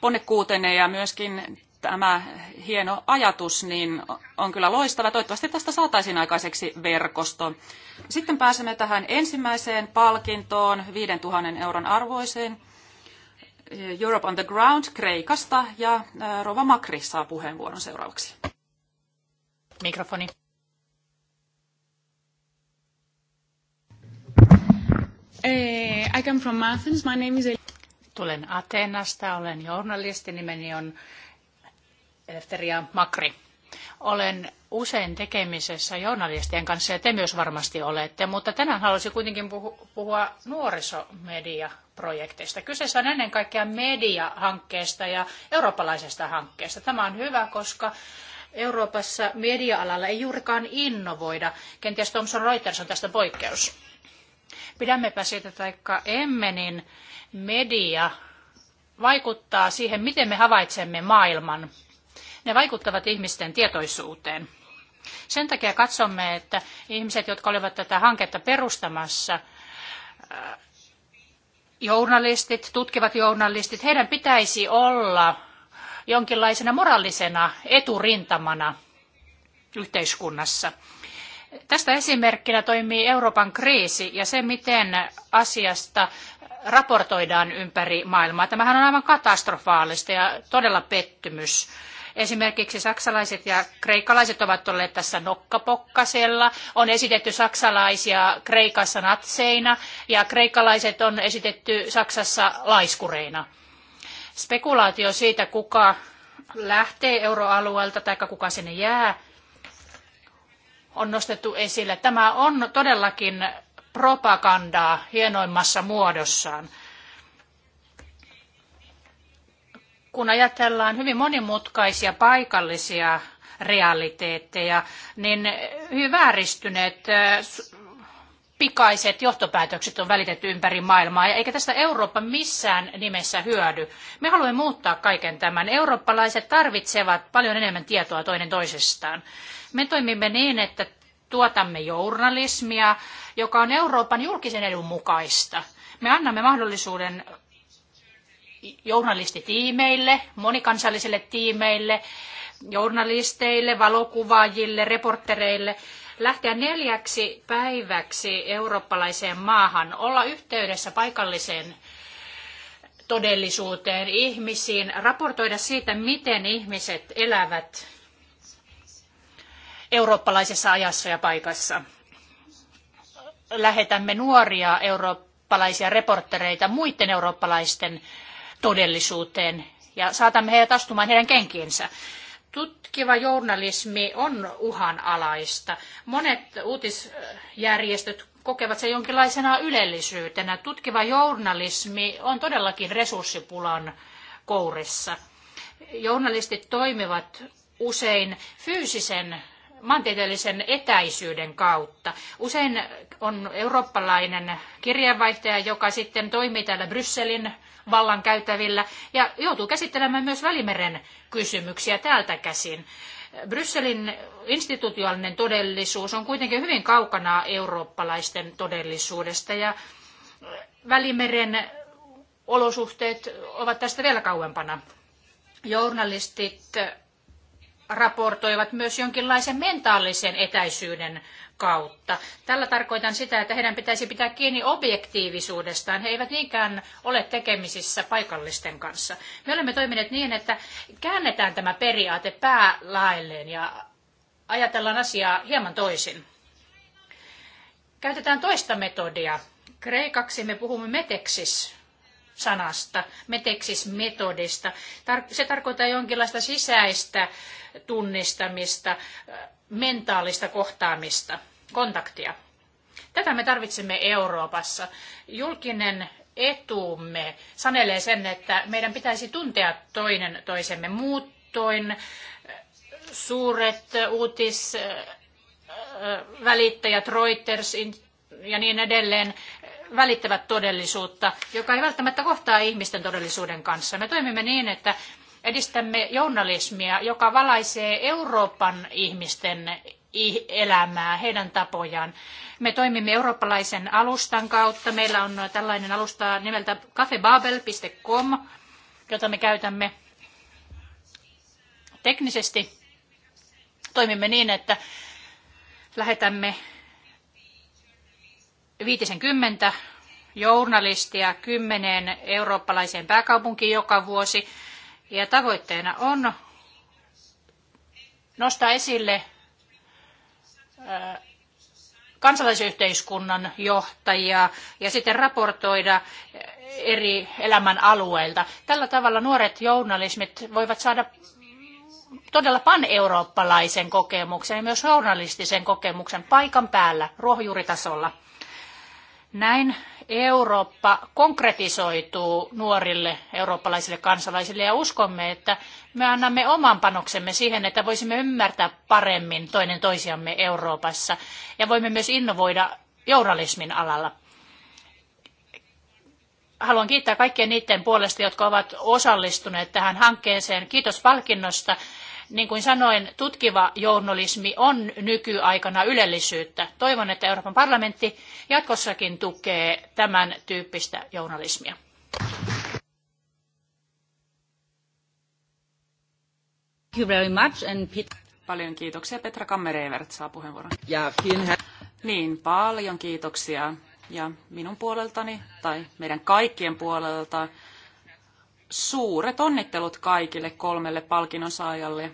ponnekuutenne ja myöskin tämä hieno ajatus niin on kyllä loistava. Toivottavasti tästä saataisiin aikaiseksi verkosto. Sitten pääsemme tähän ensimmäiseen palkintoon, 5000 euron arvoiseen. Europe on the Ground Kreikasta ja Rova Makri saa puheenvuoron seuraavaksi. Mikrofoni. Eh, I come from Athens. My name is Tulen Ateenasta, olen journalisti, nimeni on Efteria Makri. Olen usein tekemisessä journalistien kanssa ja te myös varmasti olette, mutta tänään haluaisin kuitenkin puhua nuorisomediaprojekteista. Kyseessä on ennen kaikkea mediahankkeesta ja eurooppalaisesta hankkeesta. Tämä on hyvä, koska Euroopassa media-alalla ei juurikaan innovoida. Kenties Thomson Reuters on tästä poikkeus. Pidämmepä siitä taikka emme, niin media vaikuttaa siihen, miten me havaitsemme maailman ne vaikuttavat ihmisten tietoisuuteen. Sen takia katsomme, että ihmiset, jotka olivat tätä hanketta perustamassa, äh, journalistit, tutkivat journalistit, heidän pitäisi olla jonkinlaisena moraalisena eturintamana yhteiskunnassa. Tästä esimerkkinä toimii Euroopan kriisi ja se, miten asiasta raportoidaan ympäri maailmaa. Tämähän on aivan katastrofaalista ja todella pettymys. Esimerkiksi saksalaiset ja kreikkalaiset ovat olleet tässä nokkapokkasella. On esitetty saksalaisia Kreikassa natseina ja kreikkalaiset on esitetty Saksassa laiskureina. Spekulaatio siitä, kuka lähtee euroalueelta tai kuka sinne jää, on nostettu esille. Tämä on todellakin propagandaa hienoimmassa muodossaan. kun ajatellaan hyvin monimutkaisia paikallisia realiteetteja, niin hyvin vääristyneet pikaiset johtopäätökset on välitetty ympäri maailmaa, eikä tästä Eurooppa missään nimessä hyödy. Me haluamme muuttaa kaiken tämän. Eurooppalaiset tarvitsevat paljon enemmän tietoa toinen toisestaan. Me toimimme niin, että tuotamme journalismia, joka on Euroopan julkisen edun mukaista. Me annamme mahdollisuuden journalistitiimeille, monikansallisille tiimeille, journalisteille, valokuvaajille, reportereille lähteä neljäksi päiväksi eurooppalaiseen maahan, olla yhteydessä paikalliseen todellisuuteen, ihmisiin, raportoida siitä, miten ihmiset elävät eurooppalaisessa ajassa ja paikassa. Lähetämme nuoria eurooppalaisia reporttereita muiden eurooppalaisten todellisuuteen ja saatamme heidät astumaan heidän kenkiinsä. Tutkiva journalismi on uhanalaista. Monet uutisjärjestöt kokevat sen jonkinlaisena ylellisyytenä. Tutkiva journalismi on todellakin resurssipulan kourissa. Journalistit toimivat usein fyysisen maantieteellisen etäisyyden kautta. Usein on eurooppalainen kirjeenvaihtaja, joka sitten toimii täällä Brysselin vallan käytävillä ja joutuu käsittelemään myös Välimeren kysymyksiä täältä käsin. Brysselin institutionaalinen todellisuus on kuitenkin hyvin kaukana eurooppalaisten todellisuudesta ja Välimeren olosuhteet ovat tästä vielä kauempana. Journalistit raportoivat myös jonkinlaisen mentaalisen etäisyyden kautta. Tällä tarkoitan sitä, että heidän pitäisi pitää kiinni objektiivisuudestaan. He eivät niinkään ole tekemisissä paikallisten kanssa. Me olemme toimineet niin, että käännetään tämä periaate päälailleen ja ajatellaan asiaa hieman toisin. Käytetään toista metodia. Kreikaksi me puhumme meteksis sanasta, meteksis-metodista. Se tarkoittaa jonkinlaista sisäistä tunnistamista, mentaalista kohtaamista, kontaktia. Tätä me tarvitsemme Euroopassa. Julkinen etumme sanelee sen, että meidän pitäisi tuntea toinen toisemme muuttoin. Suuret uutisvälittäjät, Reuters ja niin edelleen välittävät todellisuutta, joka ei välttämättä kohtaa ihmisten todellisuuden kanssa. Me toimimme niin, että edistämme journalismia, joka valaisee Euroopan ihmisten elämää, heidän tapojaan. Me toimimme eurooppalaisen alustan kautta. Meillä on tällainen alusta nimeltä cafebabel.com, jota me käytämme teknisesti. Toimimme niin, että lähetämme viitisenkymmentä journalistia kymmeneen eurooppalaiseen pääkaupunkiin joka vuosi. Ja tavoitteena on nostaa esille kansalaisyhteiskunnan johtajia ja sitten raportoida eri elämän alueilta. Tällä tavalla nuoret journalismit voivat saada todella pan-eurooppalaisen kokemuksen ja myös journalistisen kokemuksen paikan päällä ruohonjuuritasolla. Näin Eurooppa konkretisoituu nuorille eurooppalaisille kansalaisille ja uskomme, että me annamme oman panoksemme siihen, että voisimme ymmärtää paremmin toinen toisiamme Euroopassa ja voimme myös innovoida journalismin alalla. Haluan kiittää kaikkien niiden puolesta, jotka ovat osallistuneet tähän hankkeeseen. Kiitos palkinnosta niin kuin sanoin, tutkiva journalismi on nykyaikana ylellisyyttä. Toivon, että Euroopan parlamentti jatkossakin tukee tämän tyyppistä journalismia. Thank you very much and Peter. Paljon kiitoksia. Petra Kammereivert saa puheenvuoron. Ja Finhän. Niin, paljon kiitoksia. Ja minun puoleltani, tai meidän kaikkien puolelta, suuret onnittelut kaikille kolmelle palkinnon saajalle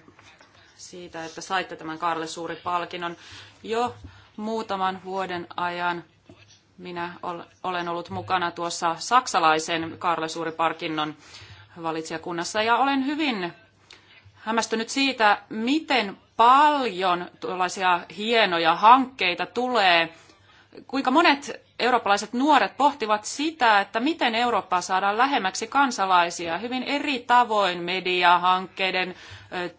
siitä, että saitte tämän Karle suuri palkinnon. Jo muutaman vuoden ajan minä olen ollut mukana tuossa saksalaisen Karle suuri palkinnon valitsijakunnassa ja olen hyvin hämmästynyt siitä, miten paljon tuollaisia hienoja hankkeita tulee, kuinka monet eurooppalaiset nuoret pohtivat sitä, että miten Eurooppaa saadaan lähemmäksi kansalaisia hyvin eri tavoin mediahankkeiden,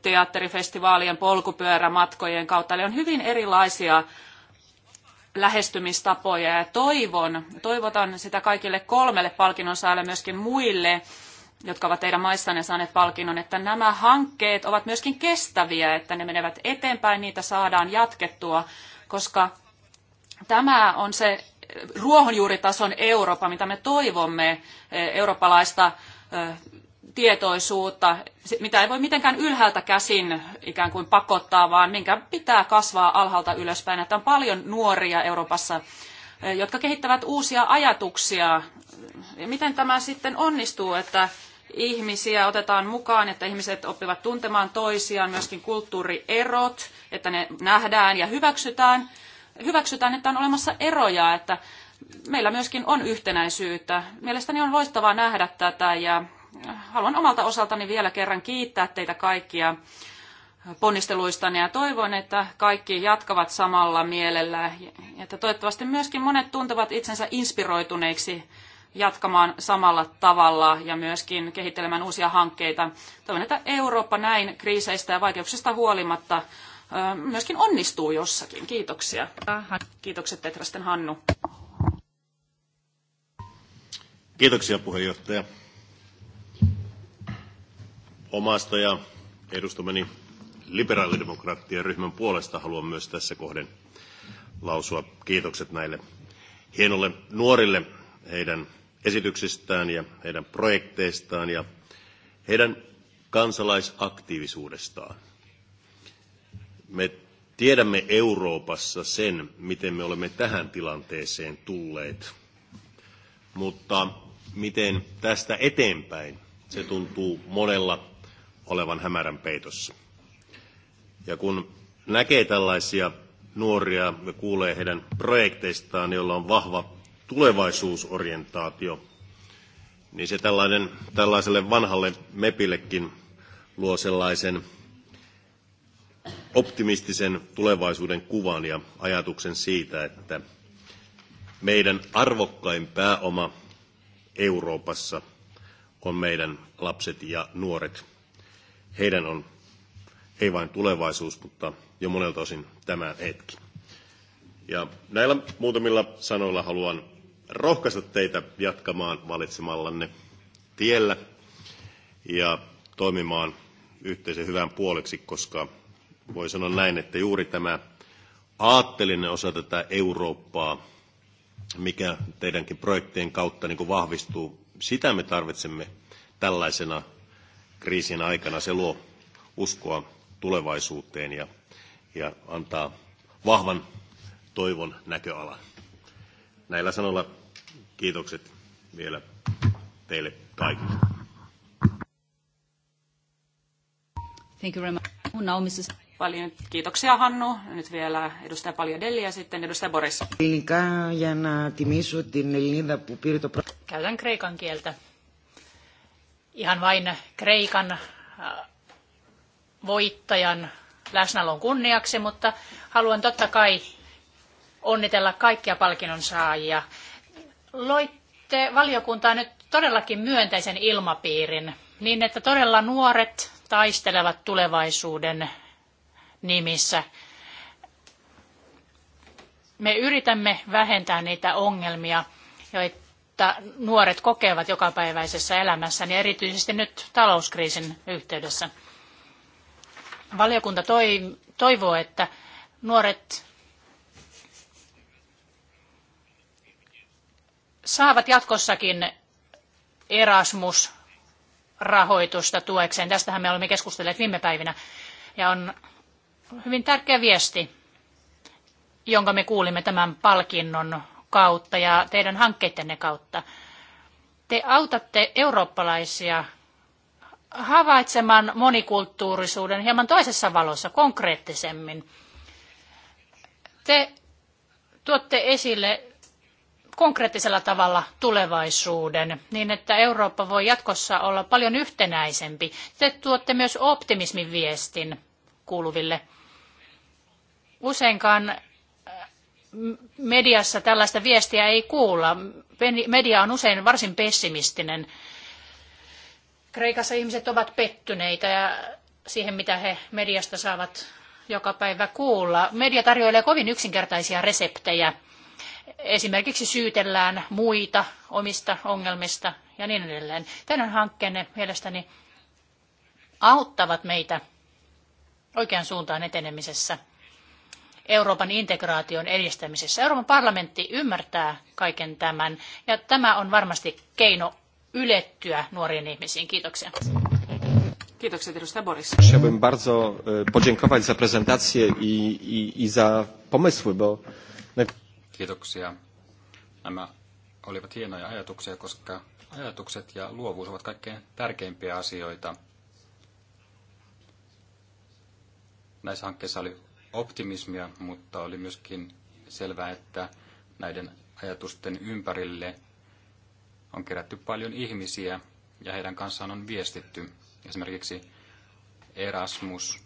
teatterifestivaalien, polkupyörämatkojen kautta. Eli on hyvin erilaisia lähestymistapoja ja toivon, toivotan sitä kaikille kolmelle palkinnon saajalle myöskin muille, jotka ovat teidän maissanne saaneet palkinnon, että nämä hankkeet ovat myöskin kestäviä, että ne menevät eteenpäin, niitä saadaan jatkettua, koska tämä on se ruohonjuuritason Eurooppa, mitä me toivomme eh, eurooppalaista eh, tietoisuutta, mitä ei voi mitenkään ylhäältä käsin ikään kuin pakottaa, vaan minkä pitää kasvaa alhaalta ylöspäin. Että on paljon nuoria Euroopassa, eh, jotka kehittävät uusia ajatuksia. Miten tämä sitten onnistuu, että ihmisiä otetaan mukaan, että ihmiset oppivat tuntemaan toisiaan, myöskin kulttuurierot, että ne nähdään ja hyväksytään – hyväksytään, että on olemassa eroja, että meillä myöskin on yhtenäisyyttä. Mielestäni on loistavaa nähdä tätä ja haluan omalta osaltani vielä kerran kiittää teitä kaikkia ponnisteluistanne ja toivon, että kaikki jatkavat samalla mielellä. Että toivottavasti myöskin monet tuntevat itsensä inspiroituneiksi jatkamaan samalla tavalla ja myöskin kehittelemään uusia hankkeita. Toivon, että Eurooppa näin kriiseistä ja vaikeuksista huolimatta myöskin onnistuu jossakin. Kiitoksia. Kiitokset Tetrasten Hannu. Kiitoksia puheenjohtaja. Omasta ja edustamani liberaalidemokraattien ryhmän puolesta haluan myös tässä kohden lausua kiitokset näille hienolle nuorille heidän esityksistään ja heidän projekteistaan ja heidän kansalaisaktiivisuudestaan. Me tiedämme Euroopassa sen, miten me olemme tähän tilanteeseen tulleet, mutta miten tästä eteenpäin, se tuntuu monella olevan hämärän peitossa. Ja kun näkee tällaisia nuoria ja kuulee heidän projekteistaan, joilla on vahva tulevaisuusorientaatio, niin se tällainen, tällaiselle vanhalle mepillekin luo sellaisen optimistisen tulevaisuuden kuvan ja ajatuksen siitä, että meidän arvokkain pääoma Euroopassa on meidän lapset ja nuoret. Heidän on ei vain tulevaisuus, mutta jo monelta osin tämä hetki. Ja näillä muutamilla sanoilla haluan rohkaista teitä jatkamaan valitsemallanne tiellä ja toimimaan yhteisen hyvän puoleksi, koska voi sanoa näin, että juuri tämä aatteellinen osa tätä Eurooppaa, mikä teidänkin projektien kautta niin kuin vahvistuu, sitä me tarvitsemme tällaisena kriisin aikana. Se luo uskoa tulevaisuuteen ja, ja antaa vahvan toivon näköalan. Näillä sanoilla kiitokset vielä teille kaikille. Thank you very much. Paljon kiitoksia Hannu. Nyt vielä edustaja Paljadelli ja sitten edustaja Boris. Käytän kreikan kieltä. Ihan vain kreikan äh, voittajan läsnäolon kunniaksi, mutta haluan totta kai onnitella kaikkia palkinnon saajia. Loitte valiokuntaa nyt todellakin myönteisen ilmapiirin, niin että todella nuoret taistelevat tulevaisuuden nimissä. Me yritämme vähentää niitä ongelmia, joita nuoret kokevat jokapäiväisessä elämässä, niin erityisesti nyt talouskriisin yhteydessä. Valiokunta toi, toivoo, että nuoret saavat jatkossakin Erasmus-rahoitusta tuekseen. Tästähän me olemme keskustelleet viime päivinä. Ja on hyvin tärkeä viesti, jonka me kuulimme tämän palkinnon kautta ja teidän hankkeittenne kautta. Te autatte eurooppalaisia havaitsemaan monikulttuurisuuden hieman toisessa valossa konkreettisemmin. Te tuotte esille konkreettisella tavalla tulevaisuuden, niin että Eurooppa voi jatkossa olla paljon yhtenäisempi. Te tuotte myös optimismin viestin kuuluville Useinkaan äh, mediassa tällaista viestiä ei kuulla. Media on usein varsin pessimistinen. Kreikassa ihmiset ovat pettyneitä ja siihen, mitä he mediasta saavat joka päivä kuulla. Media tarjoilee kovin yksinkertaisia reseptejä. Esimerkiksi syytellään muita omista ongelmista ja niin edelleen. Tänään hankkeenne mielestäni auttavat meitä oikean suuntaan etenemisessä – Euroopan integraation edistämisessä. Euroopan parlamentti ymmärtää kaiken tämän ja tämä on varmasti keino ylettyä nuoriin ihmisiin. Kiitoksia. Kiitokset edustaja Boris. Chciałbym bardzo e, podziękować za prezentację i, i, i za pomysły, bo... Kiitoksia. Nämä olivat hienoja ajatuksia, koska ajatukset ja luovuus ovat kaikkein tärkeimpiä asioita. Näissä hankkeissa oli optimismia, mutta oli myöskin selvää, että näiden ajatusten ympärille on kerätty paljon ihmisiä ja heidän kanssaan on viestitty. Esimerkiksi Erasmus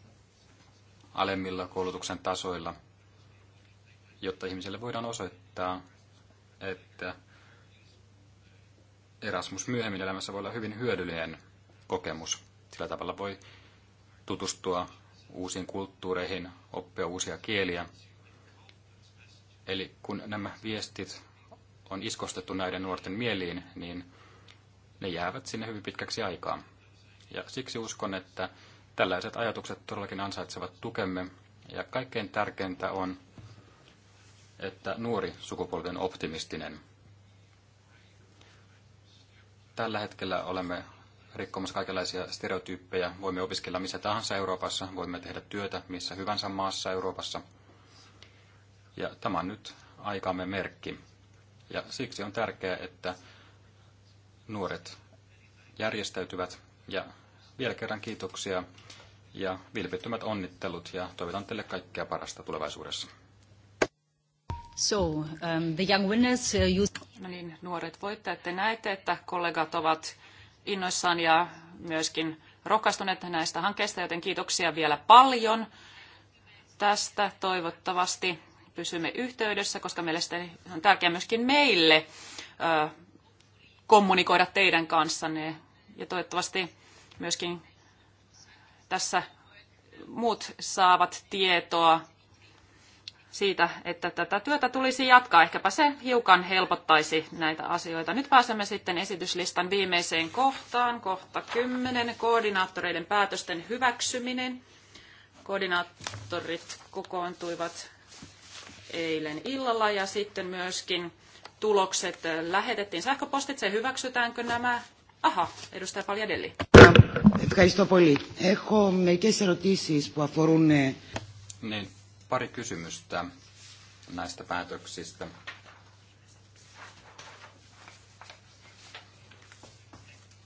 alemmilla koulutuksen tasoilla, jotta ihmisille voidaan osoittaa, että Erasmus myöhemmin elämässä voi olla hyvin hyödyllinen kokemus. Sillä tavalla voi tutustua uusiin kulttuureihin, oppia uusia kieliä. Eli kun nämä viestit on iskostettu näiden nuorten mieliin, niin ne jäävät sinne hyvin pitkäksi aikaa. Ja siksi uskon, että tällaiset ajatukset todellakin ansaitsevat tukemme. Ja kaikkein tärkeintä on, että nuori sukupolven optimistinen. Tällä hetkellä olemme rikkomassa kaikenlaisia stereotyyppejä. Voimme opiskella missä tahansa Euroopassa, voimme tehdä työtä missä hyvänsä maassa Euroopassa. Ja tämä on nyt aikamme merkki. Ja siksi on tärkeää, että nuoret järjestäytyvät. Ja vielä kerran kiitoksia ja vilpittömät onnittelut ja toivotan teille kaikkea parasta tulevaisuudessa. So, um, the young winners, uh, you... No niin, nuoret voittajat, te näette, että kollegat ovat innoissaan ja myöskin rohkaistuneet näistä hankkeista, joten kiitoksia vielä paljon tästä. Toivottavasti pysymme yhteydessä, koska mielestäni on tärkeää myöskin meille kommunikoida teidän kanssanne. Ja toivottavasti myöskin tässä muut saavat tietoa siitä, että tätä työtä tulisi jatkaa. Ehkäpä se hiukan helpottaisi näitä asioita. Nyt pääsemme sitten esityslistan viimeiseen kohtaan, kohta 10, koordinaattoreiden päätösten hyväksyminen. Koordinaattorit kokoontuivat eilen illalla ja sitten myöskin tulokset lähetettiin sähköpostitse. Hyväksytäänkö nämä? Aha, edustaja Paljadelli. Ευχαριστώ πολύ. Έχω μερικές ερωτήσεις που αφορούν... Ναι, pari kysymystä näistä päätöksistä.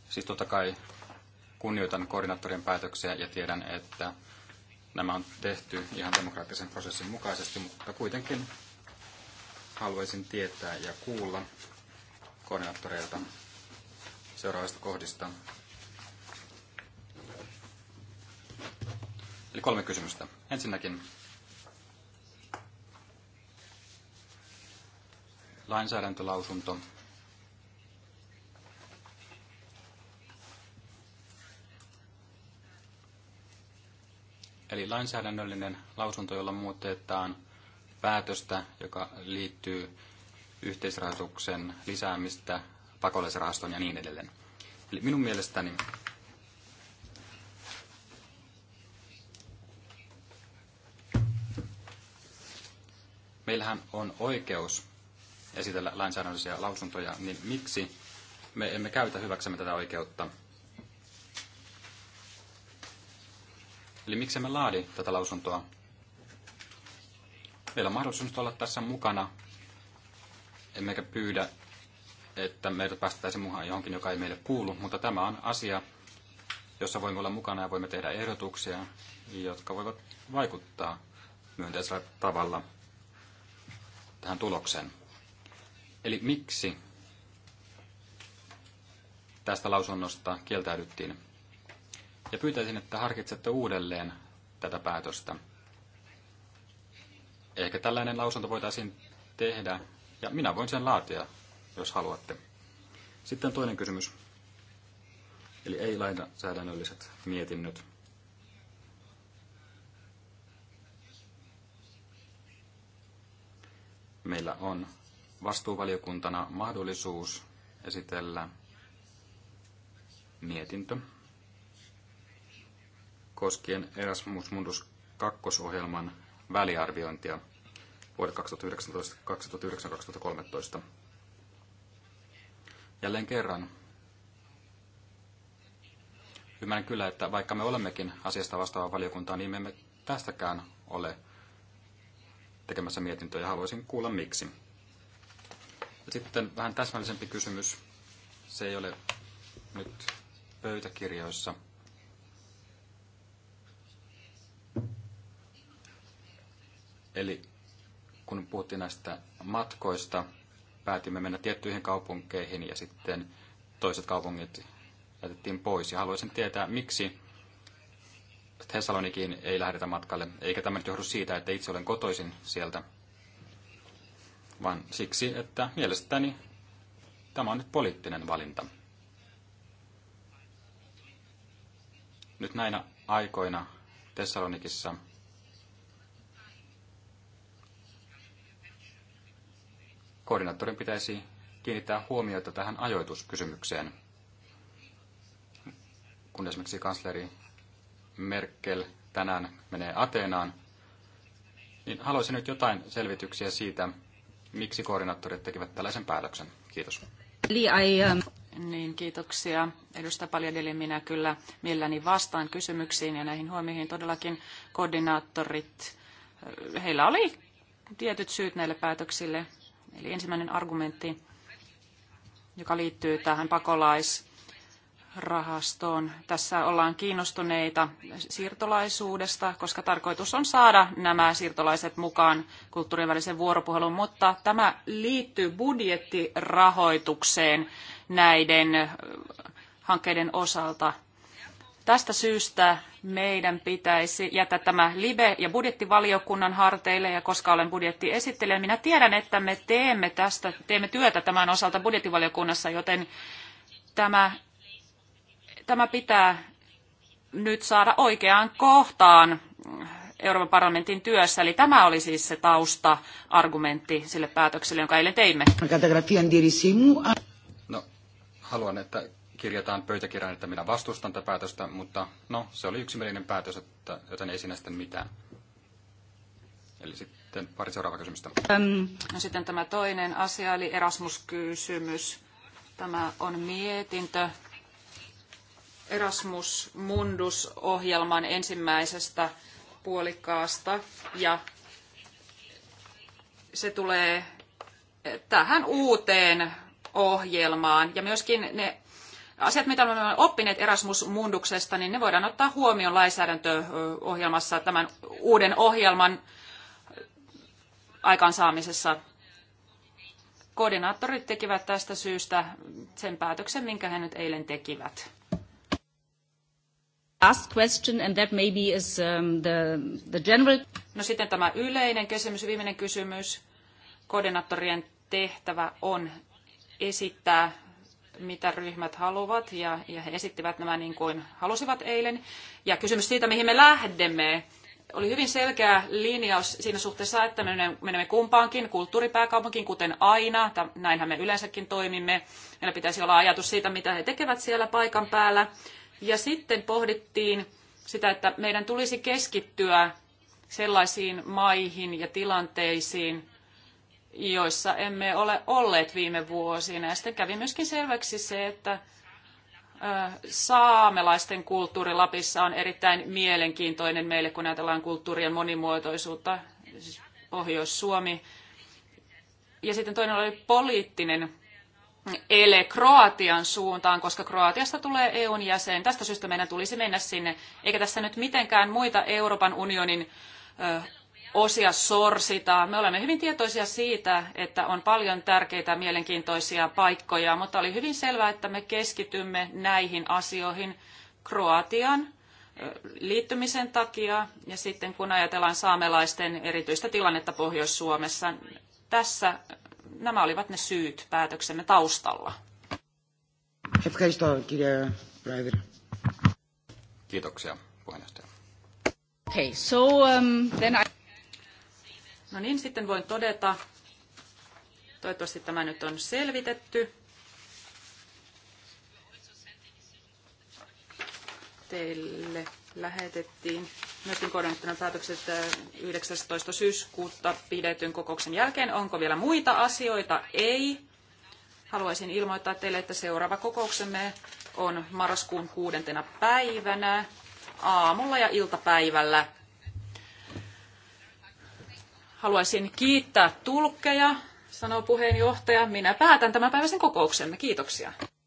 Siis totta kai kunnioitan koordinaattorien päätöksiä ja tiedän, että nämä on tehty ihan demokraattisen prosessin mukaisesti, mutta kuitenkin haluaisin tietää ja kuulla koordinaattoreilta seuraavista kohdista. Eli kolme kysymystä. Ensinnäkin, lainsäädäntölausunto. Eli lainsäädännöllinen lausunto, jolla muutetaan päätöstä, joka liittyy yhteisrahoituksen lisäämistä pakollisrahaston ja niin edelleen. Eli minun mielestäni meillähän on oikeus esitellä lainsäädännöllisiä lausuntoja, niin miksi me emme käytä hyväksemme tätä oikeutta? Eli miksi emme laadi tätä lausuntoa? Meillä on mahdollisuus olla tässä mukana, emmekä pyydä, että meidät päästäisiin mukaan johonkin, joka ei meille kuulu, mutta tämä on asia, jossa voimme olla mukana ja voimme tehdä ehdotuksia, jotka voivat vaikuttaa myönteisellä tavalla tähän tulokseen. Eli miksi tästä lausunnosta kieltäydyttiin? Ja pyytäisin, että harkitsette uudelleen tätä päätöstä. Ehkä tällainen lausunto voitaisiin tehdä, ja minä voin sen laatia, jos haluatte. Sitten toinen kysymys. Eli ei-lainsäädännölliset mietinnöt. Meillä on vastuuvaliokuntana mahdollisuus esitellä mietintö koskien Erasmus Mundus kakkosohjelman väliarviointia vuodet 2019-2013. Jälleen kerran. Ymmärrän kyllä, että vaikka me olemmekin asiasta vastaava valiokunta, niin me emme tästäkään ole tekemässä ja Haluaisin kuulla miksi. Sitten vähän täsmällisempi kysymys. Se ei ole nyt pöytäkirjoissa. Eli kun puhuttiin näistä matkoista, päätimme mennä tiettyihin kaupunkeihin ja sitten toiset kaupungit jätettiin pois. Ja haluaisin tietää, miksi Thessalonikiin ei lähdetä matkalle, eikä tämä nyt johdu siitä, että itse olen kotoisin sieltä vaan siksi, että mielestäni tämä on nyt poliittinen valinta. Nyt näinä aikoina Tessalonikissa koordinaattorin pitäisi kiinnittää huomiota tähän ajoituskysymykseen. Kun esimerkiksi kansleri Merkel tänään menee Ateenaan, niin haluaisin nyt jotain selvityksiä siitä, miksi koordinaattorit tekivät tällaisen päätöksen. Kiitos. Um, niin, kiitoksia. Edustaja Paljadeli, minä kyllä mielelläni vastaan kysymyksiin ja näihin huomioihin todellakin koordinaattorit, eh, heillä oli tietyt syyt näille päätöksille. Eli ensimmäinen argumentti, joka liittyy tähän pakolais rahastoon. Tässä ollaan kiinnostuneita siirtolaisuudesta, koska tarkoitus on saada nämä siirtolaiset mukaan kulttuurin välisen vuoropuhelun, mutta tämä liittyy budjettirahoitukseen näiden hankkeiden osalta. Tästä syystä meidän pitäisi jättää tämä live- ja budjettivaliokunnan harteille, ja koska olen budjettiesittelijä, minä tiedän, että me teemme, tästä, teemme työtä tämän osalta budjettivaliokunnassa, joten tämä Tämä pitää nyt saada oikeaan kohtaan Euroopan parlamentin työssä. Eli tämä oli siis se tausta-argumentti sille päätökselle, jonka eilen teimme. No, haluan, että kirjataan pöytäkirjaan, että minä vastustan tätä päätöstä, mutta no, se oli yksimielinen päätös, että, joten ei siinä sitten mitään. Eli sitten pari seuraavaa kysymystä. Ähm. No, sitten tämä toinen asia, eli Erasmus-kysymys. Tämä on mietintö, Erasmus Mundus-ohjelman ensimmäisestä puolikkaasta ja se tulee tähän uuteen ohjelmaan ja myöskin ne asiat, mitä me olemme oppineet Erasmus Munduksesta, niin ne voidaan ottaa huomioon lainsäädäntöohjelmassa tämän uuden ohjelman aikaansaamisessa. Koordinaattorit tekivät tästä syystä sen päätöksen, minkä he nyt eilen tekivät last question, and that maybe is um, the, the general... No sitten tämä yleinen kysymys, viimeinen kysymys. Koordinaattorien tehtävä on esittää, mitä ryhmät haluavat, ja, ja he esittivät nämä niin kuin halusivat eilen. Ja kysymys siitä, mihin me lähdemme, oli hyvin selkeä linjaus siinä suhteessa, että me menemme kumpaankin kulttuuripääkaupunkiin, kuten aina. Näinhän me yleensäkin toimimme. Meillä pitäisi olla ajatus siitä, mitä he tekevät siellä paikan päällä. Ja sitten pohdittiin sitä, että meidän tulisi keskittyä sellaisiin maihin ja tilanteisiin, joissa emme ole olleet viime vuosina. Ja sitten kävi myöskin selväksi se, että saamelaisten kulttuuri Lapissa on erittäin mielenkiintoinen meille, kun ajatellaan kulttuurien monimuotoisuutta, siis Pohjois-Suomi. Ja sitten toinen oli poliittinen ele Kroatian suuntaan, koska Kroatiasta tulee EUn jäsen. Tästä syystä meidän tulisi mennä sinne, eikä tässä nyt mitenkään muita Euroopan unionin osia sorsita. Me olemme hyvin tietoisia siitä, että on paljon tärkeitä mielenkiintoisia paikkoja, mutta oli hyvin selvää, että me keskitymme näihin asioihin Kroatian liittymisen takia ja sitten kun ajatellaan saamelaisten erityistä tilannetta Pohjois-Suomessa, tässä nämä olivat ne syyt päätöksemme taustalla. Kiitoksia, puheenjohtaja. Okay, so, um, then I... No niin, sitten voin todeta, toivottavasti tämä nyt on selvitetty. Teille lähetettiin myöskin kohdennettuna päätökset 19. Äh, syyskuuta pidetyn kokouksen jälkeen. Onko vielä muita asioita? Ei. Haluaisin ilmoittaa teille, että seuraava kokouksemme on marraskuun kuudentena päivänä aamulla ja iltapäivällä. Haluaisin kiittää tulkkeja, sanoo puheenjohtaja. Minä päätän tämän päiväisen kokouksemme. Kiitoksia.